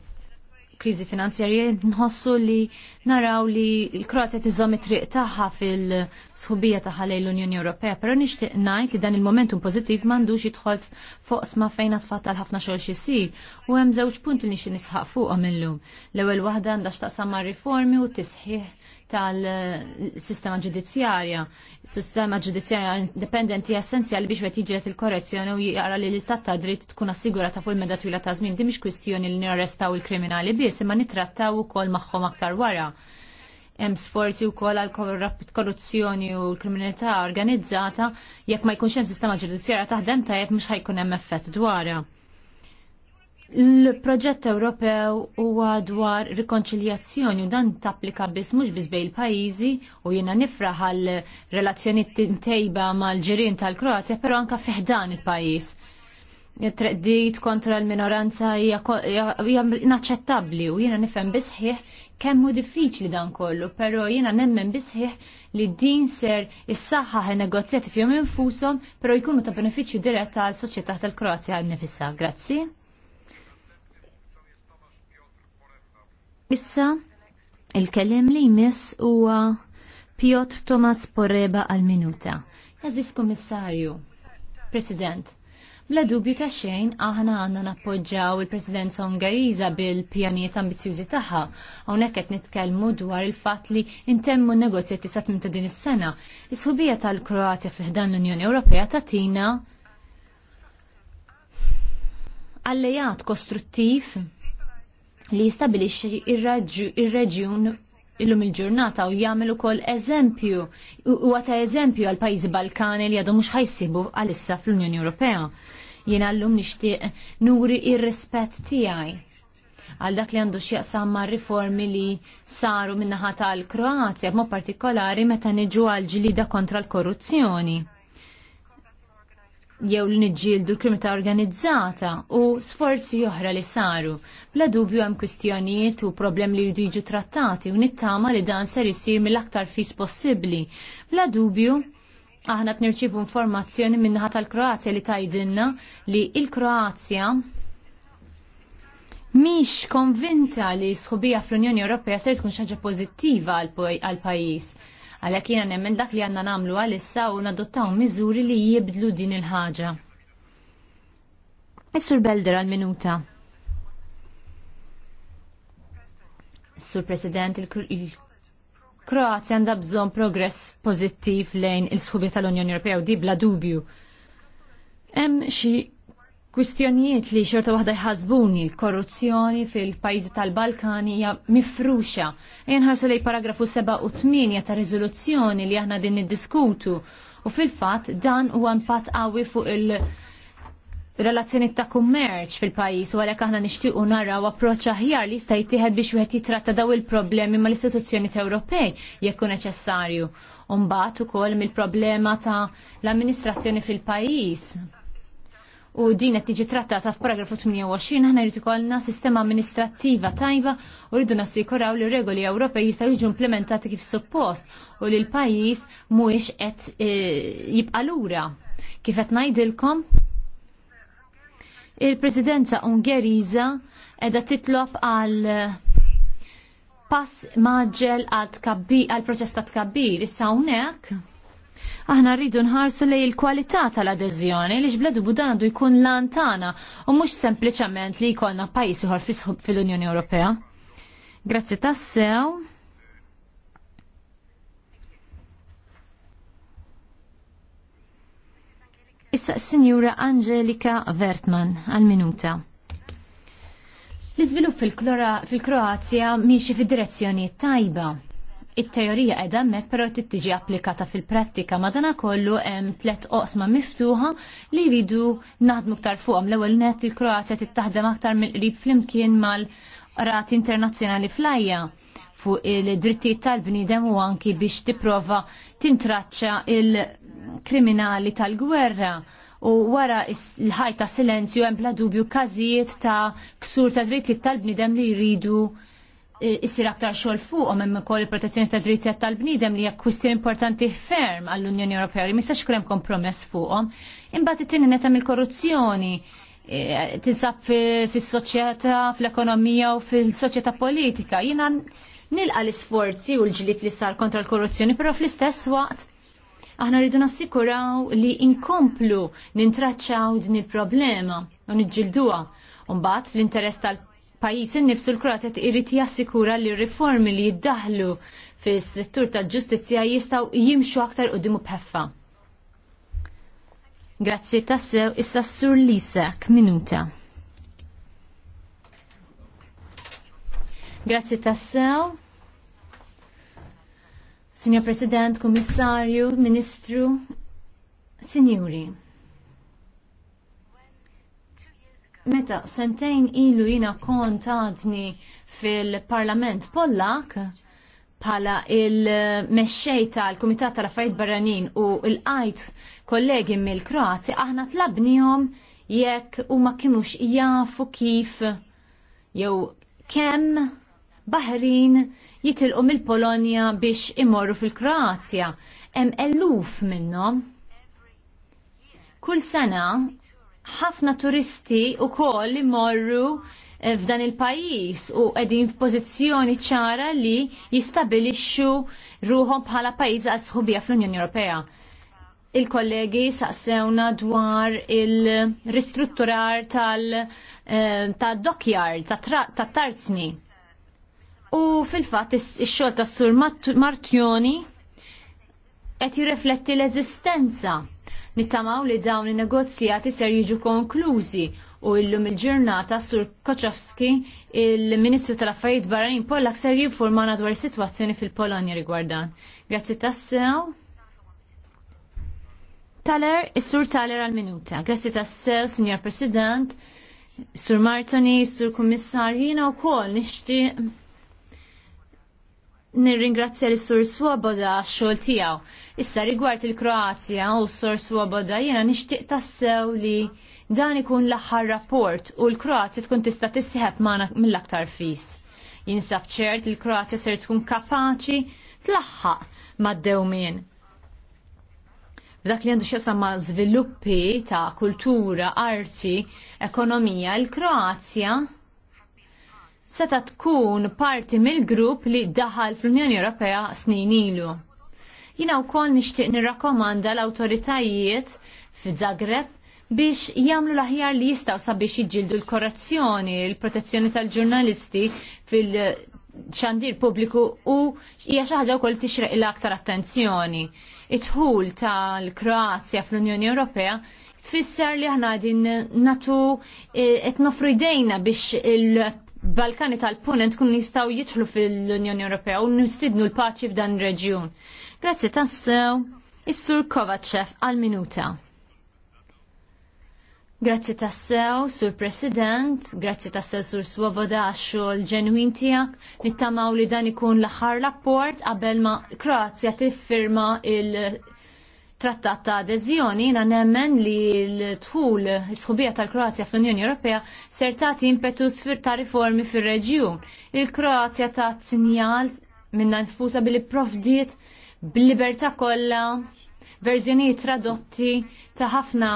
kriżi finanzjarja nħossu li naraw li l-Kroatja tiżom it-triq tagħha fil-sħubija tagħha lejn l-Unjoni Ewropea, però nixtieq ngħid li dan il-momentum pożittiv m'għandux jidħol fuq sma fejn tfattal ħafna xogħol xi jsir u hemm żewġ punti li nixtieq nisħaq fuqhom illum. L-ewwel waħda għandha x'taqsam mar riformi u tisħiħ tal-sistema ġudizzjarja. Sistema ġudizzjarja indipendenti essenzjali biex wet jiġret il-korrezzjoni u jara li l-istat ta' dritt tkun assigurata fuq il-meda twila ta' żmien. Di kwistjoni li nirrestaw il-kriminali biss imma nittrattaw ukoll magħhom aktar wara. Hemm sforzi wkoll għal korruzzjoni u l-kriminalità organizzata jekk ma jkunx hemm sistema ġudizzjarja taħdem tajjeb mhux ħajkun hemm effett dwarha L-proġett Ewropew huwa dwar rikonċiljazzjoni u dan tapplika biss mhux biss bejn il-pajjiżi u jiena nifraħ għal relazzjonijiet tintejba mal-ġirien tal-Kroazja però anke fiħdan il-pajjiż. Treddit kontra l-minoranza hija inaċċettabbli u jiena nifhem bisħieħ kemm hu diffiċli dan kollu, però jiena nemmen bisħieħ li din ser issaħħaħ negozjati fihom infushom, però jkunu ta' benefiċċju dirett għal soċjetà tal-Kroazja għall-nifisha. Grazzi. Issa, il-kellim li jmiss huwa Piotr Tomas Porreba għal-minuta. Aziz Komissarju, President, bla dubju ta' xejn aħna għanna nappoġġaw il-Presidenza Ungariża bil-pjanijiet ambizjużi tagħha. Hawnhekk qed nitkellmu dwar il-fatt li intemmu negozjati sa tmim ta' din is-sena. Is-ħubija tal-Kroatja dan l-Unjoni Ewropea tatina allejat kostruttiv li jistabilixxi il reġjun illum il-ġurnata u jagħmel ukoll eżempju huwa ta' eżempju għal pajjiżi Balkani li għadhom mhux ħajsibu għalissa fl-Unjoni Ewropea. Jiena llum nixtieq nuri ir-rispett tiegħi għal dak li għandu xieqsam ma' riformi li saru minnaħa tal-Kroazja b'mod partikolari meta niġu għal ġlida kontra l-korruzzjoni jew li niġġieldu l krimita organizzata u sforzi oħra li saru. Bla dubju hemm kwistjonijiet u problemi li jridu jiġu trattati u nittama li dan ser isir mill-aktar fis possibbli. Bla dubju aħna t-nirċivu informazzjoni minnaħa tal-Kroazja li tajdinna li il-Kroazja miex konvinta li sħubija fl-Unjoni Ewropea ser tkun xaġa pozittiva għal-pajis. Għalhekk jiena nemmen dak li għandna nagħmlu għalissa u nadottaw miżuri li jibdlu din il-ħaġa. Is-Sur Belder għal-minuta. Sur President, il-Kroazja għandha bżonn progress pożittiv lejn il sħubiet tal-Unjoni Ewropea u di bla dubju. Hemm xi Kwistjonijiet li xorta waħda jħasbuni korruzzjoni fil-pajzi tal-Balkani hija mifruxa. Jenħarsu lej paragrafu 7 u 8 ta' riżoluzzjoni li aħna din niddiskutu u fil-fatt dan huwa impatt qawwi fuq il- relazzjoni ta' kummerċ fil-pajis u għalek aħna nixtiequ naraw approċċ aħjar li jista' jittieħed biex wieħed jitratta daw il-problemi mal-istituzzjoni ta' Ewropej jekk neċessarju. mbagħad ukoll mill-problema ta' l-amministrazzjoni fil-pajis u din qed tiġi trattata f'paragrafu 28 aħna jrid ikollna sistema amministrattiva tajba u rridu nassikuraw li regoli Ewropej jistgħu jiġu implementati kif suppost u li l-pajjiż mhuwiex qed e, jibqa' lura. Kif qed ngħidilkom, il-presidenza Ungeriża edha titlob għal pass maġġel għal proċess ta' tkabbir issa hawnhekk aħna rridu nħarsu lej il-kwalità tal-adeżjoni li xbla dubu għandu jkun lan tagħna u mhux sempliċement li jkollna pajjiż ieħor fil-Unjoni Ewropea. Grazzi tassew. Issa Sinjura Angelika Vertman għal-minuta. L-iżvilupp fil-Kroazja miexi fid-direzzjoni tajba it-teorija hemmhekk, però trid tiġi applikata fil-prattika. Madanakollu hemm tliet oqsma miftuħa li jridu naħdmu aktar fuqhom. L-ewwel net il kroazja tittaħdem aktar mill-qrib flimkien mal-Rati Internazzjonali flajja fuq il-drittijiet tal-bniedem u anki biex tipprova tintraċċa il-kriminali tal-gwerra u wara l-ħajta silenzju hemm bla dubju każijiet ta' ksur ta' drittijiet tal-bniedem li jridu jissir aktar xogħol fuqhom hemm ukoll il-protezzjoni ta' drittijiet tal-bniedem li hija kwistjoni importanti ferm għall-Unjoni Ewropea li mistax krem kompromess fuqhom. Imbagħad it-tieni netam mill-korruzzjoni e, tinsab fis-soċjetà, fl-ekonomija u fil-soċjetà politika. Jiena nilqa l-isforzi u l-ġlit li sar kontra l-korruzzjoni, però fl-istess waqt aħna rridu nassikuraw li inkomplu nintraċċaw din il-problema u niġġilduha. Mbagħad fl-interess tal pajis innifsu l-Kroatja irrit jassikura li riformi li jiddaħlu fis-settur tal-ġustizzja jistgħu jimxu aktar dimu bħeffa. Grazzi tassew issa sur Lisek minuta. Grazzi tassew. Signor President, Kummissarju, Ministru, Signori. Meta sentejn ilu jina kont fil-Parlament Pollak bħala il-mexxej tal-Kumitat tal-Affarijiet Barranin u l-qajt kollegi mill-Kroazja aħna tlabnihom jekk u ma kienux jafu kif jew kemm Baħrin jitilqu mill-Polonja biex imorru fil-Kroazja. Hemm eluf minnhom. Kull sena ħafna turisti u koll li morru eh, f'dan il-pajis u edin f'pożizzjoni ċara li jistabilixxu ruħom bħala pajjiż għal sħubija fl-Unjoni Ewropea. Il-kollegi saqsewna dwar il-ristrutturar tal-dokjar, eh, tal-tarzni. U fil-fat, ix-xogħol tas-sur Martjoni qed jirrefletti l-eżistenza. Nittamaw li dawn in-negozjati ser jiġu konklużi u illum il-ġurnata sur Koczowski il-Ministru tal-Affarijiet Barranin Pollak ser jinformana dwar is-sitwazzjoni fil-Polonja rigwardan. Grazzi tassew. Taler, is-sur Taler għal-minuta. Grazzi tassew, Signor President, Sur Martoni, Sur Kummissar, jina u kol nirringrazzja l sur Swoboda għax-xogħol tiegħu. Issa rigward il-Kroazja u s-Sur Swoboda jiena nixtieq tassew li dan ikun l-aħħar rapport u l-Kroazja tkun tista' tissieħeb magħna mill-aktar fis. Jinsab ċert il kroazja ser tkun kapaċi tlaħħaq mad-dewmien. B'dak li għandu xesam ma' żviluppi ta' kultura, arti, ekonomija, l-Kroazja seta tkun parti mill-grupp li daħal fl-Unjoni Ewropea snin ilu. Jina u koll nishtiq nirrakomanda l-autoritajiet fi Zagreb biex jamlu l-aħjar li jistaw sabiex jġildu l-korrazzjoni, l-protezzjoni tal-ġurnalisti fil- ċandir publiku u hija xi ħaġa wkoll tixreq il aktar attenzjoni. It-ħul tal-Kroazja fl-Unjoni Ewropea tfisser li aħna din natu qed eh, nofru idejna biex il Balkani tal-punent kun nistaw jitħlu fil-Unjoni Ewropea u nistidnu l-paċi f'dan reġjun. Grazzi tassew, is-Sur Kovacev għal-minuta. Grazzi tassew, Sur President, grazzi tassew Sur Swoboda għax ġenwin tiegħek, nittamaw li dan ikun l-aħħar rapport qabel ma Kroazja tiffirma il- trattat ta' adeżjoni jiena nemmen li l-tħul sħubija tal-Kroazja fl-Unjoni Ewropea ser tagħti impetus ta' riformi fir-reġjun. Il-Kroazja ta' sinjal minna nfusa billi provdiet b'libertà kollha, verżjonijiet tradotti ta' ħafna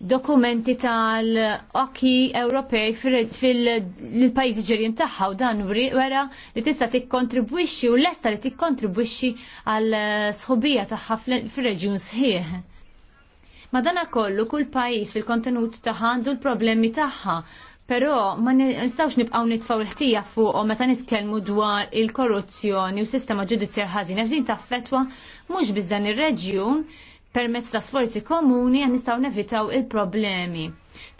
dokumenti tal oki Ewropej fil-pajzi ġirjen taħħa u dan wera li tista tikkontribwixxi u lesta li tikkontribwixxi għal eh, sħubija taħħa fil-reġjun sħiħ. Ma dana kollu kull pajis fil-kontenut taħħa għandu l-problemi taħħa, pero ma nistawx nibqaw nitfaw l-ħtija fuq u meta nitkellmu dwar il-korruzzjoni u sistema ġudizzjar ħażin għax din taffetwa mhux biż dan ir-reġjun permezz ta' sforzi komuni għan nistaw nevitaw il-problemi.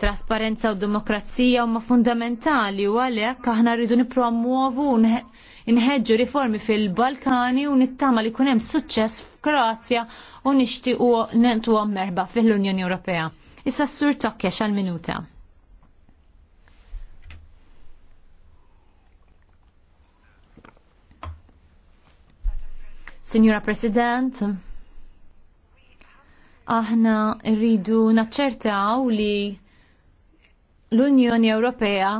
Trasparenza u demokrazija huma fundamentali u għalhekk aħna rridu nippromuovu nħeġġu riformi fil-Balkani u nittama li kunem suċċess f'Kroazja u nixtiequ nentu merba fil-Unjoni Ewropea. Issa s-sur tokkex għal-minuta. Signora President, aħna rridu naċċertaw li l-Unjoni Ewropea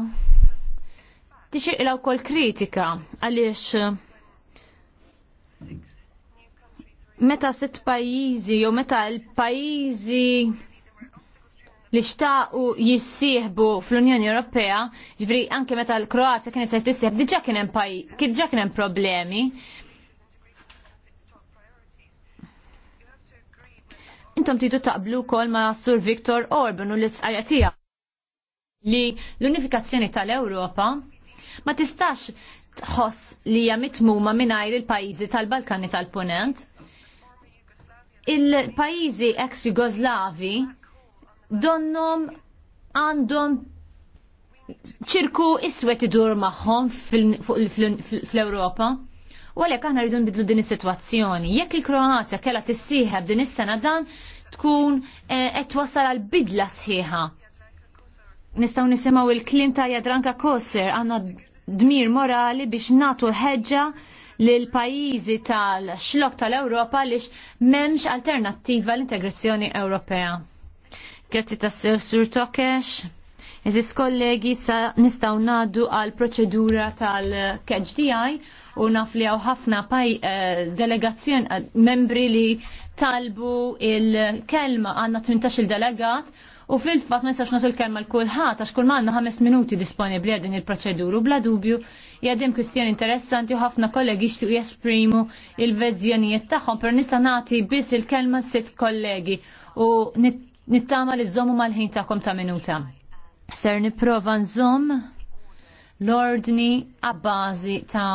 tixirq il wkoll kritika għaliex meta sitt pajjiżi jew meta l-pajjiżi li xtaqu jissieħbu fl-Unjoni Ewropea, ġifri anke meta l-Kroazja kienet se tissieħb, diġà kien hemm problemi. intom tridu taqblu kol ma' Sur Viktor Orban u l-itzqarja tiegħu li l-unifikazzjoni tal-Ewropa ma tistax tħoss li hija mitmuma mingħajr il-pajjiżi tal-Balkani tal-Punent. Il-pajjiżi ex Jugoslavi donnom għandhom ċirku iswed idur magħhom fl-Ewropa. U għalek aħna rridu nbidlu din is-sitwazzjoni. Jekk il-Kroazja kellha tissieħeb din is-sena dan tkun eh, qed wasal għal bidla sħiħa. Nistgħu nisimgħu il-klim ta' Jadranka Kosser għandna dmir morali biex natu ħeġġa lil pajizi tal-xlok tal-Europa lix memx alternativa l-integrazzjoni Ewropea. Grazzi tassew sur Tokesh. Eżis kollegi sa nistaw nadu għal proċedura tal-KHDI u naf li għaw ħafna paj eh, delegazzjon eh, membri li talbu il-kelma għanna 18 il-delegat U fil-fat ma jistax nagħtu l-kelma l kulħat, għax kull għandna ħames minuti disponibbli għal din il-proċeduru bla dubju jgħadim kwistjoni interessanti u ħafna kollegi jixtiequ jesprimu il-vezzjonijiet tagħhom per nista' nagħti biss il-kelma sitt kollegi u nittama li zomu mal-ħin ta' minuta. Ser nipprova nżomm l-ordni għabbażi ta'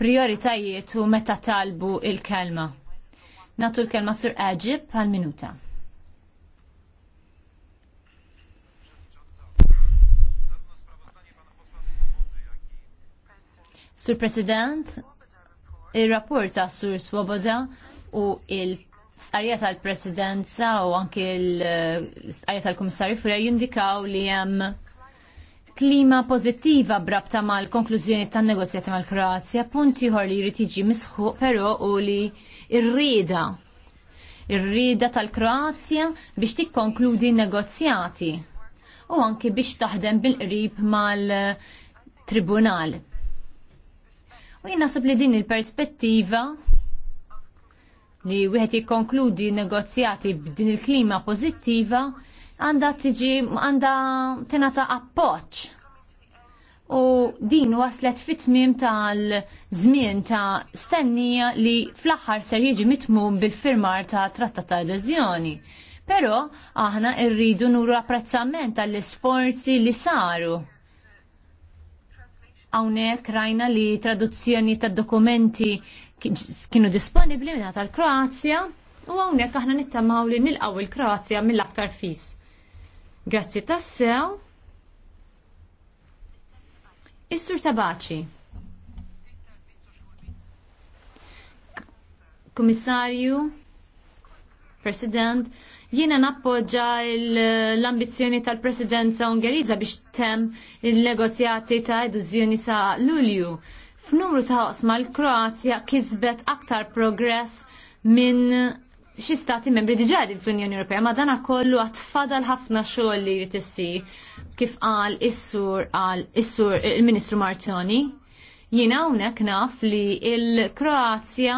prioritajiet u meta talbu il-kelma. Natu l-kelma sur Aġib għal minuta. Sur President, il-rapport ta' Sur Swoboda u il- Arja tal-presidenza u anki l-arja tal komissari fura jindikaw li jem klima pozittiva brabta mal konklużjoni tan negozjati mal kroazja punt ieħor li jrid jiġi misħu però u li rrieda ir-rieda tal-Kroazja biex tikkonkludi negozjati u anki biex taħdem bil-qrib mal-tribunal. U jien naħseb li din il-perspettiva li wieħed jikkonkludi negozjati b'din il-klima pożittiva għandha tiġi għanda tingħata appoġġ. U din waslet fit-tmiem tal-żmien ta' stennija li fl-aħħar ser jiġi mitmum bil-firmar ta' trattat ta' adeżjoni. Però aħna rridu nuru apprezzament tal-isforzi li saru għawnek rajna li traduzzjoni ta' dokumenti kienu disponibli minna tal-Kroazja u għawnek aħna nittamaw li nilqaw il-Kroazja mill-aktar fis. Grazzi tassew. Is-sur Tabaċi. Komissarju, President, jiena nappoġġa l ambizzjoni tal-Presidenza Ungeriża biex tem il-negozjati ta' edużjoni sa' Lulju. F'numru ta' osma l-Kroazja kisbet aktar progress minn xi stati membri diġà din fl-Unjoni Ewropea, ma dana kollu għatfadal ħafna xogħol li jrid issir kif qal is-sur qal is-sur il-Ministru Martjoni. Jien hawnhekk naf li l-Kroazja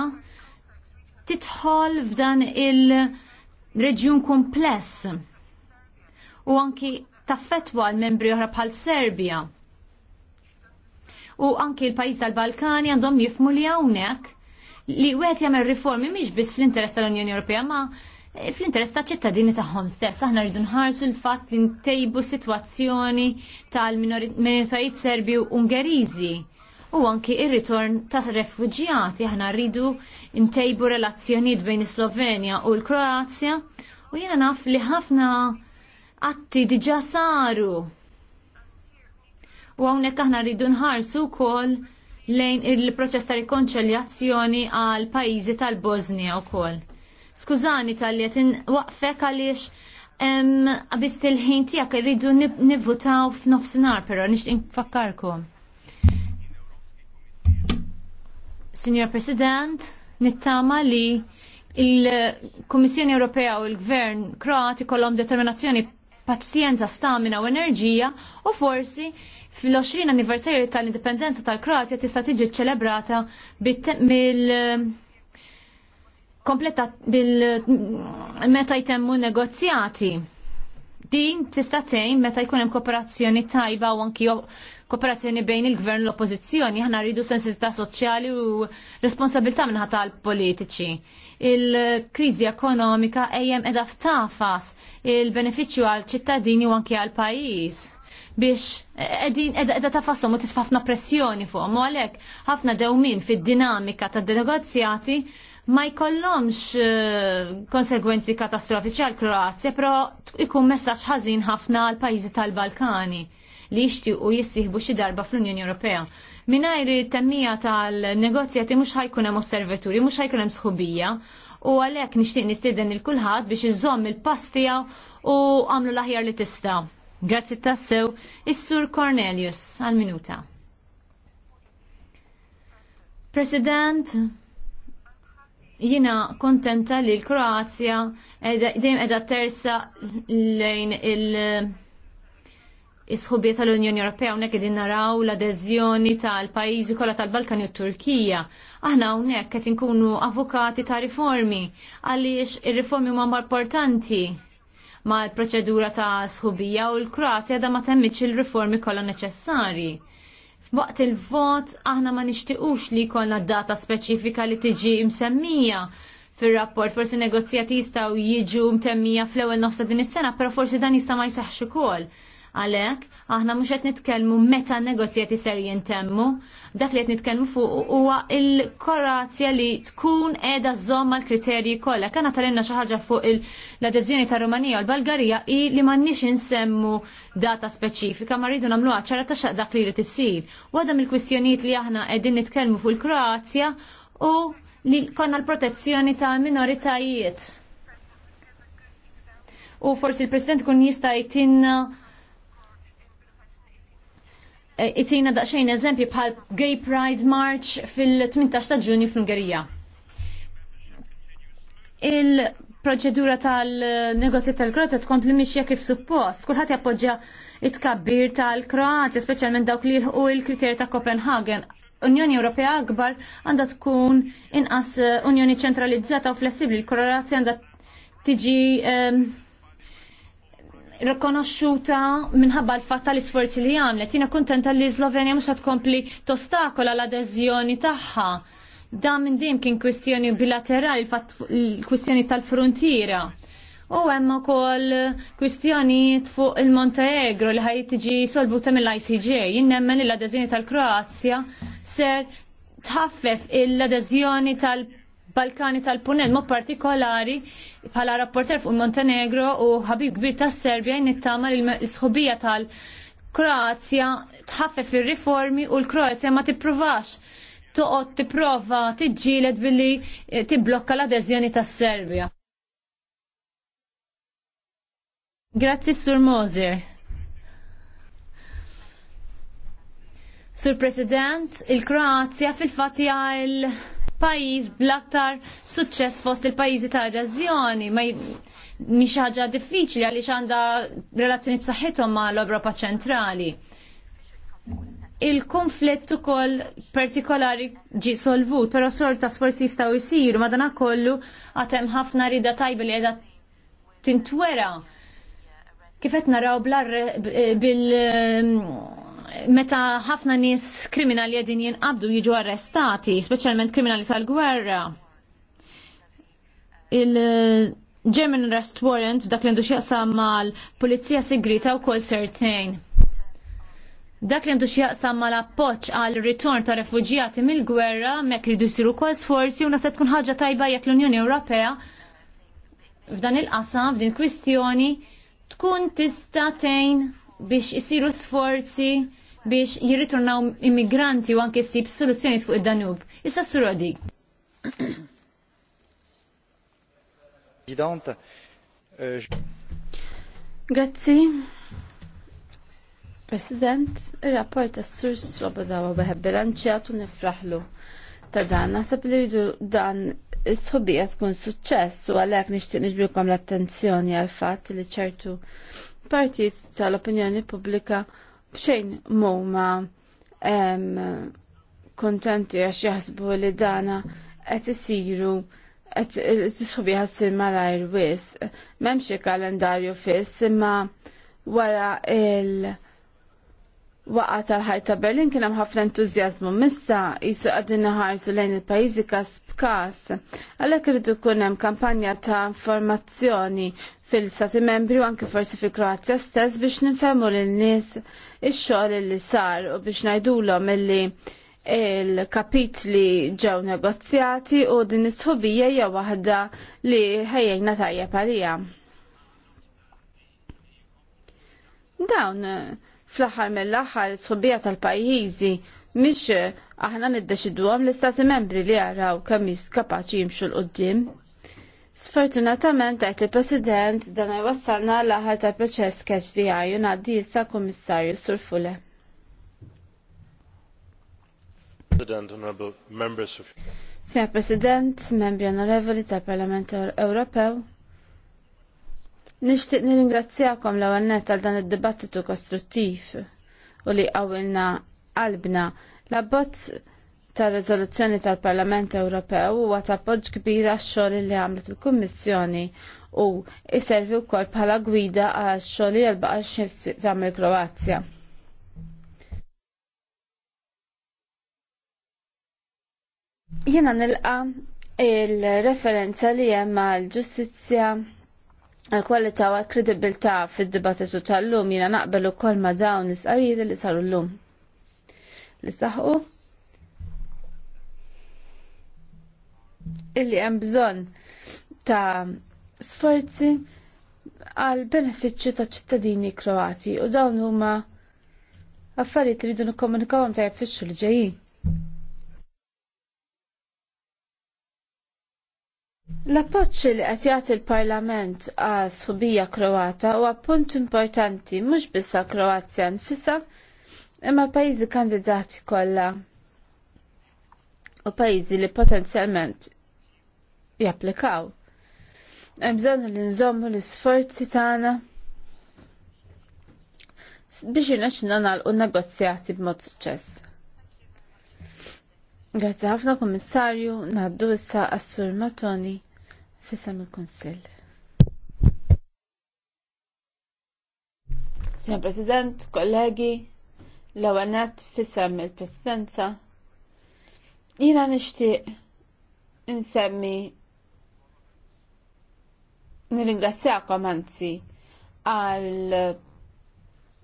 titħol f'dan il-reġjun kompless u anki taffetwa l-membri oħra bħal Serbia. U anki l-pajjiż tal-Balkani għandhom jifmu li hawnhekk li wieħed jagħmel riformi mhix biss fl-interess tal-Unjoni Ewropea ma eh, fl-interess ta' ċittadini tagħhom stess. Aħna rridu nħarsu l-fatt li ntejbu sitwazzjoni tal-minoritajiet Serbi u Ungeriżi u anki ir-ritorn ta' refuġjati aħna rridu ntejbu relazzjonijiet bejn is-Slovenja u l-Kroazja u jiena naf li ħafna atti diġa saru. U hawnhekk aħna rridu nħarsu wkoll lejn il-proċess ta' rikonċeljazzjoni għal pajjiżi tal-Bosnia wkoll. Skużani tal liet waqfek għaliex qabist til ħin tijak rridu nivvutaw f'nofsinhar però nixtieq nfakkarkom. Signor President, nittama li il-Kommissjoni Ewropea u il gvern Kroati ikollhom determinazzjoni paċjenza, stamina u enerġija u forsi fil-20 anniversarju tal-indipendenza tal-Kroatja tista' tiġi ċelebrata mill kompletta bil meta jtemmu negozjati. Din tista' tgħin meta jkun hemm kooperazzjoni tajba u anki kooperazzjoni bejn il-gvern l-oppożizzjoni, aħna rridu sensibilità soċjali u responsabilità minħata tal politiċi il-kriżi ekonomika ejjem edha ftafas il-benefiċċju għal ċittadini u anki għal pajjiż biex edin edha tafassom u titfafna pressjoni fuqhom u għalhekk ħafna dewmin fid-dinamika tad denegozjati ma jkollhomx eh, konsegwenzi katastrofiċi għal Kroazja, però ikun messaġġ ħażin ħafna għal pajjiżi tal-Balkani li jixtiequ jissieħbu xi darba fl-Unjoni Ewropea. Minajri temmija tal-negozjati mux ħajkun hemm osservaturi, mux ħajkun hemm sħubija. U għalek nishtiq nistiden il-kulħadd biex iżomm il-pastija u għamlu l-aħjar li tista. Grazzi tassew, is-Sur Cornelius għal-minuta. President, jina kontenta li l-Kroazja dejjem edha tersa lejn il- is-sħubiet tal-Unjoni Ewropea hawnhekk qegħdin naraw l-adeżjoni tal-pajjiżi kollha tal-Balkani u Turkija. Aħna hawnhekk qed inkunu avukati ta' riformi għaliex ir-riformi huma importanti ma' l-proċedura ta' sħubija u l-Kroatja da ma temmiċ il-riformi kollha neċessari. Waqt il-vot aħna ma nishtiqux li jkollna data speċifika li tiġi msemmija fil-rapport, forsi negozjati jistaw jiġu mtemmija fl-ewwel nofsa din is-sena, però forsi dan jista' ma jisaxxu ukoll. Għalhekk aħna mhux qed nitkellmu meta negozjati ser jintemmu, dak li qed nitkellmu fuq huwa il-Kroazja li tkun qiegħda żomm mal-kriterji kollha. Kana talinna xi ħaġa fuq l-adeżjoni tar rumanija u l balgarija i li m'għandniex insemmu data speċifika ma rridu nagħmluha ċara ta' xaħġa dak li t-sir. U għadam il kwistjonijiet li aħna qegħdin nitkellmu fuq il-Kroazja u li konna l-protezzjoni ta' minoritajiet. U forsi l-President kun jista' jtinna itina daqxejn eżempji bħal Gay Pride March fil-18 ta' ġunju fl-Ungerija. Il-proċedura tal-negozji tal-Kroatja tkompli mixja kif suppost. Kulħadd jappoġġja it-kabbir tal kroazja speċjalment dawk li u l-kriterji ta' Copenhagen. Unjoni Ewropea akbar għandha tkun inqas Unjoni ċentralizzata u flessibbli. Il-Kroatja għandha tiġi ehm, rikonoxxuta minħabba l-fatta tal isforzi li għamlet. Jina kontenta li Slovenja mhux tkompli tostakola l-adeżjoni tagħha. Dan minn dim kien kwistjoni bilaterali, l-kwistjoni tal-frontiera. U hemm ukoll kwistjonijiet fuq il-Montenegro li ħaj tiġi solvuta mill-ICJ. Jinnemmen l-adeżjoni tal-Kroazja ser tħaffef l-adeżjoni tal-Kroazja Balkani tal-Punent, mod partikolari bħala rapporter fuq Montenegro u ħabib kbir tas Serbja nittama l-sħubija tal-Kroazja tħaffef il riformi u l-Kroazja ma tippruvax toqgħod tipprova tiġġieled billi eh, tibblokka l-adeżjoni tas-Serbja. Grazzi Sur Moser. Sur President, il-Kroazja fil-fatja il-, -Kroazja, fil fatija il kroazja pajjiż bl-aktar suċċess fost il-pajjiżi ta' reżjoni, Ma mhix ħaġa diffiċli għaliex għandha relazzjoni b'saħħithom ma' l-Ewropa ċentrali. Il-konflitt ukoll partikolari ġi solvut, però sorta sforzi jistgħu jsiru madanakollu għad hemm ħafna rida tajba li qiegħda tintwera kifet naraw bil meta ħafna nies kriminali qegħdin jinqabdu jiġu arrestati, speċjalment kriminali tal-gwerra. Il-German Arrest Warrant dak li għandu x'jaqsam mal-Pulizija Segreta wkoll sertejn. Dak li għandu x'jaqsam mal-appoġġ għal ritorn ta' refuġjati mill-gwerra mek ridu jsiru wkoll sforzi u nasib tkun ħaġa tajba jekk l-Unjoni Ewropea f'dan il-qasam f'din kwistjoni tkun tista' tejn biex isiru sforzi biex jirriturnaw immigranti u anke sib soluzzjoni fuq id-Danub. Issa surodi. Euh, Grazzi. President, il-rapport tas sur Swobodawa beħeb bilanċjat u nifraħlu ta' dan. Nasab li rridu dan is-sħobija tkun suċċess u għalhekk nixtieq niġbilkom l-attenzjoni għal fatt li ċertu partijiet tal-opinjoni pubblika xejn muma kontenti għax jaħsbu li dana qed isiru qed tisħubi ħassir malajr wis. Memxie kalendarju fiss imma wara il- Waqa tal ħajta Berlin kien hemm ħafna entużjażmu missa jisu qegħdin naħarsu lejn il-pajjiżi kas b'kas. Għalhekk irid ikun hemm kampanja ta' informazzjoni fil-Stati Membri u anke forsi fil-Kroazja stess biex ninfhmu lin-nies ix-xogħol li sar u biex ngħidulhom illi il-kapitli ġew negozjati u din is-sħubija hija waħda li ħejjejna tajjeb għalija. Dawn fl-aħħar mill-aħħar is-sħubija tal-pajjiżi mhix aħna niddeċidu l-istati membri li jaraw kemm kapaċi jimxu l-qoddim. Sfortunatament għajt il-President dan għajwassalna l-aħħar ta' proċess keċ di għaju naddi jissa kummissarju surfule. Sja President, membri onorevoli tal Parlament Ewropew, nishtiq nir-ingrazzjakom l għannet għal dan id-dibattitu kostruttiv u li għawilna qalbna l-abbozz tar-riżoluzzjoni tal-Parlament Ewropew huwa għat appoġġ kbir għax-xogħol li għamlet il-Kummissjoni u jservi wkoll bħala gwida għax xogħol li baqa' tagħmel Kroazja. Jiena nilqa il-referenza li hemm għall-ġustizzja għal-kwalità u għal-kredibilità fid-dibattitu tal-lum jiena naqbel ukoll ma' dawn l-isqarijiet li saru llum. Li saħqu illi hemm bżonn ta' sforzi għal benefiċċju ta' ċittadini Kroati u dawn huma affarijiet li rridu nikkomunikawhom tajjeb fix li ġejjin. l appoċċi li qed jagħti l-Parlament għal sħubija Kroata huwa punt importanti mhux biss Kroazja nfisha imma pajjiżi kandidati kollha u pajjiżi li potenzjalment japplikaw. Hemm bżonn li nżommu l-isforzi tagħna biex inaxxina nagħlqu negozjati b'mod suċċess. Grazzi ħafna kommissarju naddu issa għassur Matoni fissam il-Kunsill. Signor President, kollegi, l-għanet fissam il-Presidenza, Jina nishtiq insemmi nirringrazzjakom anzi għal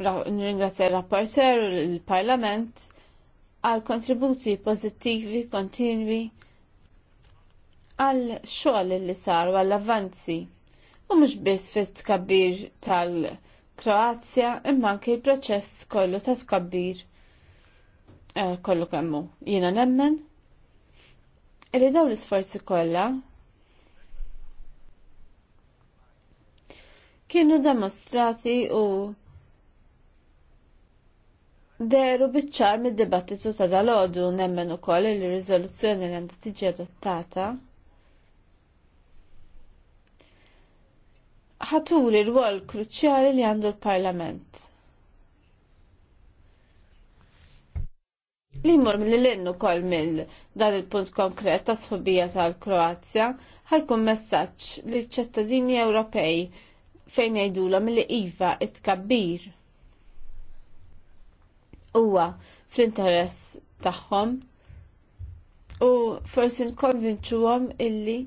nirringrazzja l rapporter u l-parlament għal kontributi pozittivi kontinwi għal xogħol li saru għall avanzi u mhux biss fit-tkabbir tal-Kroazja imma anke l-proċess kollu ta' tkabbir eh, kollu kemmu. Jiena nemmen Illi daw l-isforzi kollha kienu demonstrati u deru biċċar mid-dibattitu ta' dal-ħodu nemmen ukoll li riżoluzzjoni li għandha tiġi adottata ħaturi rwol kruċjali li għandu l-Parlament. li jmur mill-linnu kol mill dan il-punt konkret ta' sħubija tal-Kroazja ħajkun messaġġ li ċittadini Ewropej fejn jgħidulhom li iva it-kabbir. Huwa fl-interess tagħhom u forsi nkonvinċuhom illi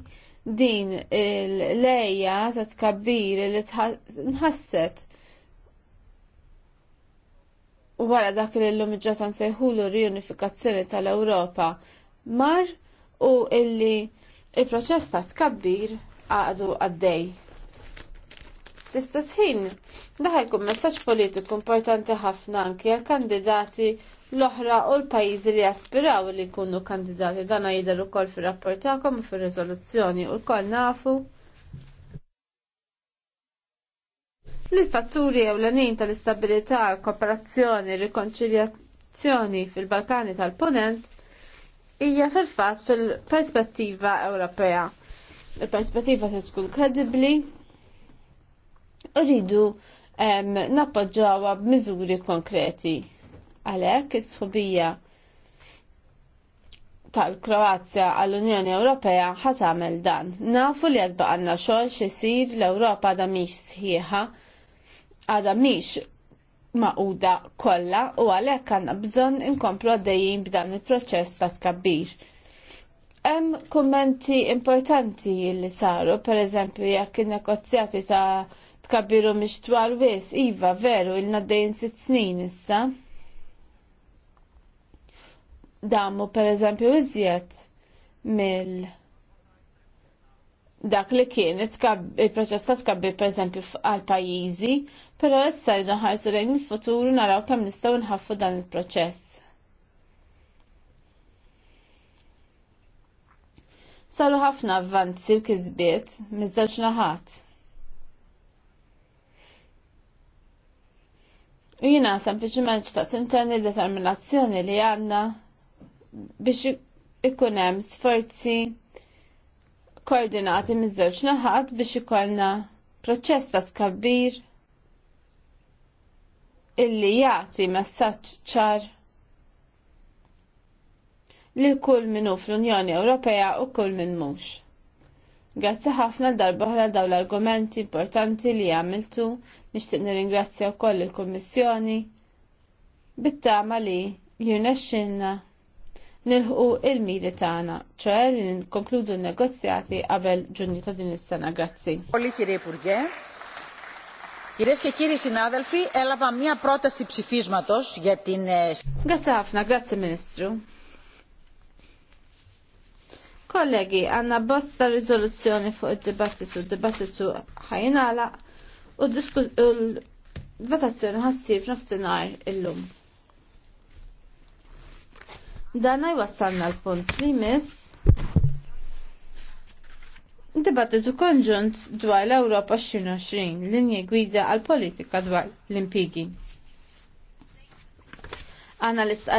din l-lejja ta' tkabbir li nħasset u wara dak li l-lum ġata sejħulu riunifikazzjoni tal-Ewropa mar u illi il-proċess ta' tkabbir għadu għaddej. Fl-istess ħin, daħal jkun messaġġ politiku importanti ħafna anki għal kandidati l-oħra u l-pajjiżi li jaspiraw li jkunu kandidati dan jidher ukoll fir-rapport tagħkom u fir-riżoluzzjoni u l-koll nafu. li fatturi ewlenin tal-istabilità, kooperazzjoni, rikonċiljazzjoni fil-Balkani tal-Ponent hija fil-fatt fil-perspettiva Ewropea. Il-perspettiva se tkun kredibbli u rridu nappoġġawha b'miżuri konkreti. Għalhekk is-sħubija tal-Kroazja għall-Unjoni Ewropea ħat tagħmel dan. Nafu li għad baqanna xogħol xisir l-Ewropa da mhix sħiħa għada miex maquda kollha u għalhekk għandna bżonn inkomplu għaddejjin b'dan il-proċess ta' tkabbir. Hemm kummenti importanti li saru, pereżempju jekk il negozjati ta' tkabbiru miex twal wis, iva veru il għaddejjin sitt snin issa. Damu pereżempju iżjed mill- dak li kien il-proċess ta' skabbi per eżempju għal pajjiżi, però issa jdu ħarsu lejn il-futur u naraw kemm nistgħu nħaffu dan il-proċess. Saru ħafna avvanzi u kisbiet miż-żewġ naħat. U jina sempliċiment xtaqt intenni determinazzjoni li għandna biex ikun hemm sforzi koordinati miż-żewġ naħat biex ikollna proċess ta' tkabbir illi jagħti messaġġ ċar L kull minnu fl-Unjoni Ewropea u kull minn mhux. Grazzi ħafna l-darba oħra daw l-argumenti importanti li għamiltu, nixtieq nirringrazzja wkoll il-Kummissjoni bit-tama li jirnexxinna nilħu il-miri tagħna, ċe li nkonkludu n-negozjati qabel ġunju ta' din is-sena. Grazzi. Πολύ κύριε και κύριοι συνάδελφοι, έλαβα μία πρόταση ψηφίσματο για την. Γκατσάφνα, Ministru. Kollegi, għanna bozza rizoluzzjoni fuq id-dibattitu, id-dibattitu ħajnala u l-votazzjoni ħassir f'nofsinhar illum. Dan jwassalna l-punt li mis. Dibattitu konġunt dwar l-Europa 2020, linje gwida għal-politika dwar l-impigi. Analist